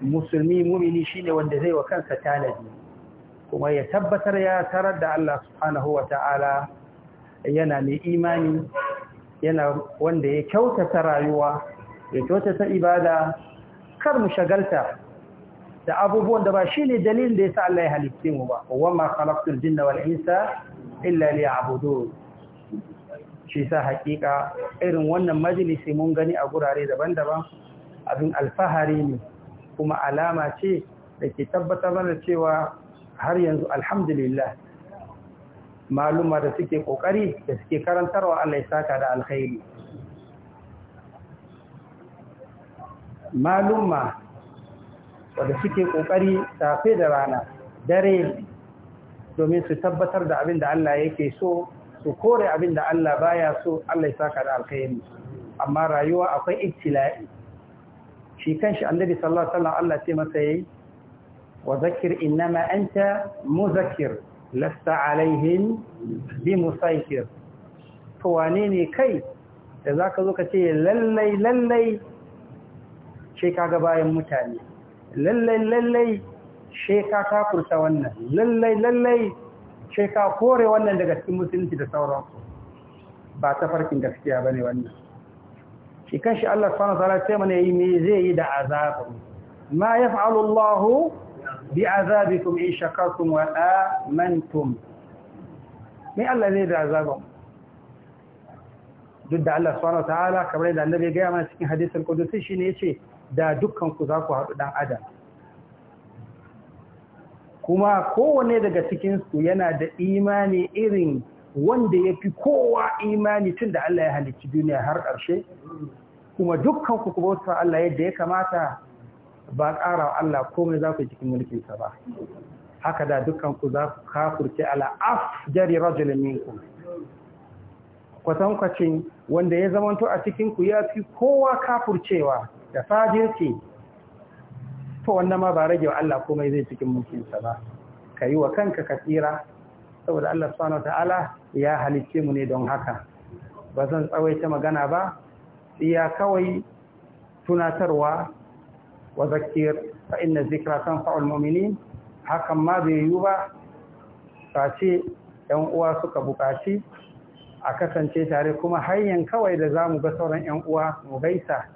musulmi mumini shine wanda zai wa kansa tanadi kuma ya tabbatar ya tarar da Allah subhanahu ta'ala yana mai imani yana wanda ya kyautata rayuwa ya kyautata ibada kar mu shagalta da abubuwan da ba shi ne dalilin da ya sa Allah ya halitte mu ba wamma khalaqtul jinna wal insa illa liya'budu shi sa haƙiƙa irin wannan majalisi mun gani a gurare daban-daban abin alfahari ne kuma alama ce da ke tabbatar mana cewa har yanzu alhamdulillah maluma da suke kokari da suke karantarwa Allah ya saka da alkhairi maluma wanda suke kokari safe da rana dare domin su tabbatar da abin da Allah yake so su kore abin da Allah baya so Allah ya saka da alkhairi amma rayuwa akwai ibtila'i shi kanshi annabi sallallahu alaihi wasallam Allah ya masa yayi wa zakir innama anta muzakkir lasta alaihim bimusaykir to wane ne kai da zaka zo ka ce lallai lallai sai kaga bayan mutane lallai lallai she ka kafurta wannan lallai lallai she ka kore wannan daga cikin musulunci da sauransu ba ta farkin gaskiya bane wannan shi kanshi Allah subhanahu ta'ala sai mana yi me zai yi da azabin ma yaf'alu Allah bi azabikum in shakartum wa amantum me Allah zai da azabin duk da Allah subhanahu ta'ala kamar da annabi ya ga mana cikin hadisin qudusi shine yace da dukkanku za ku haɗu ɗan adam kuma kowane daga cikinsu yana da imani irin wanda ya fi kowa imani tun da Allah ya halicci duniya har ƙarshe kuma dukkanku ku bauta Allah yadda ya kamata ba ƙara Allah komai za ku yi cikin mulkinsa ba haka da dukkanku za ku kafurce ala jari rajulun kwatankwacin wanda ya zamanto a cikinku ya fi kowa kafurcewa da fajirci to wannan ma ba rage wa Allah komai zai cikin mulkinsa ba ka yi wa kanka ka tsira saboda Allah subhanahu wataala ya halicce mu ne don haka ba zan tsawaita magana ba iya kawai tunatarwa wa zakir fa inna zikra tanfa'ul mu'minin hakan ma bai yiwu ba sace yan uwa suka buƙaci a kasance tare kuma hanyar kawai da zamu ga sauran yan uwa mu gaisa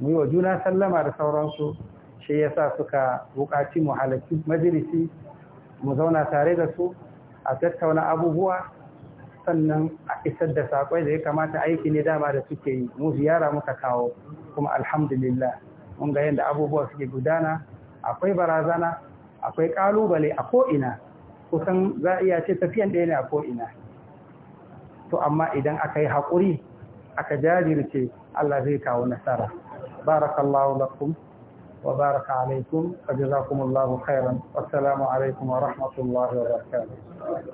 mu yi wa juna sallama da sauransu shi ya sa suka buƙaci mu halarci majalisi mu zauna tare da su a tattauna abubuwa sannan a isar da saƙon da ya kamata aiki ne dama da suke yi mu ziyara muka kawo kuma alhamdulillah mun ga yadda abubuwa suke gudana akwai barazana akwai ƙalubale a ko'ina kusan za a iya ce tafiyan ɗaya ne a ko'ina to amma idan aka yi haƙuri aka jajirce Allah zai kawo nasara بارك الله لكم وبارك عليكم وجزاكم الله خيرا والسلام عليكم ورحمة الله وبركاته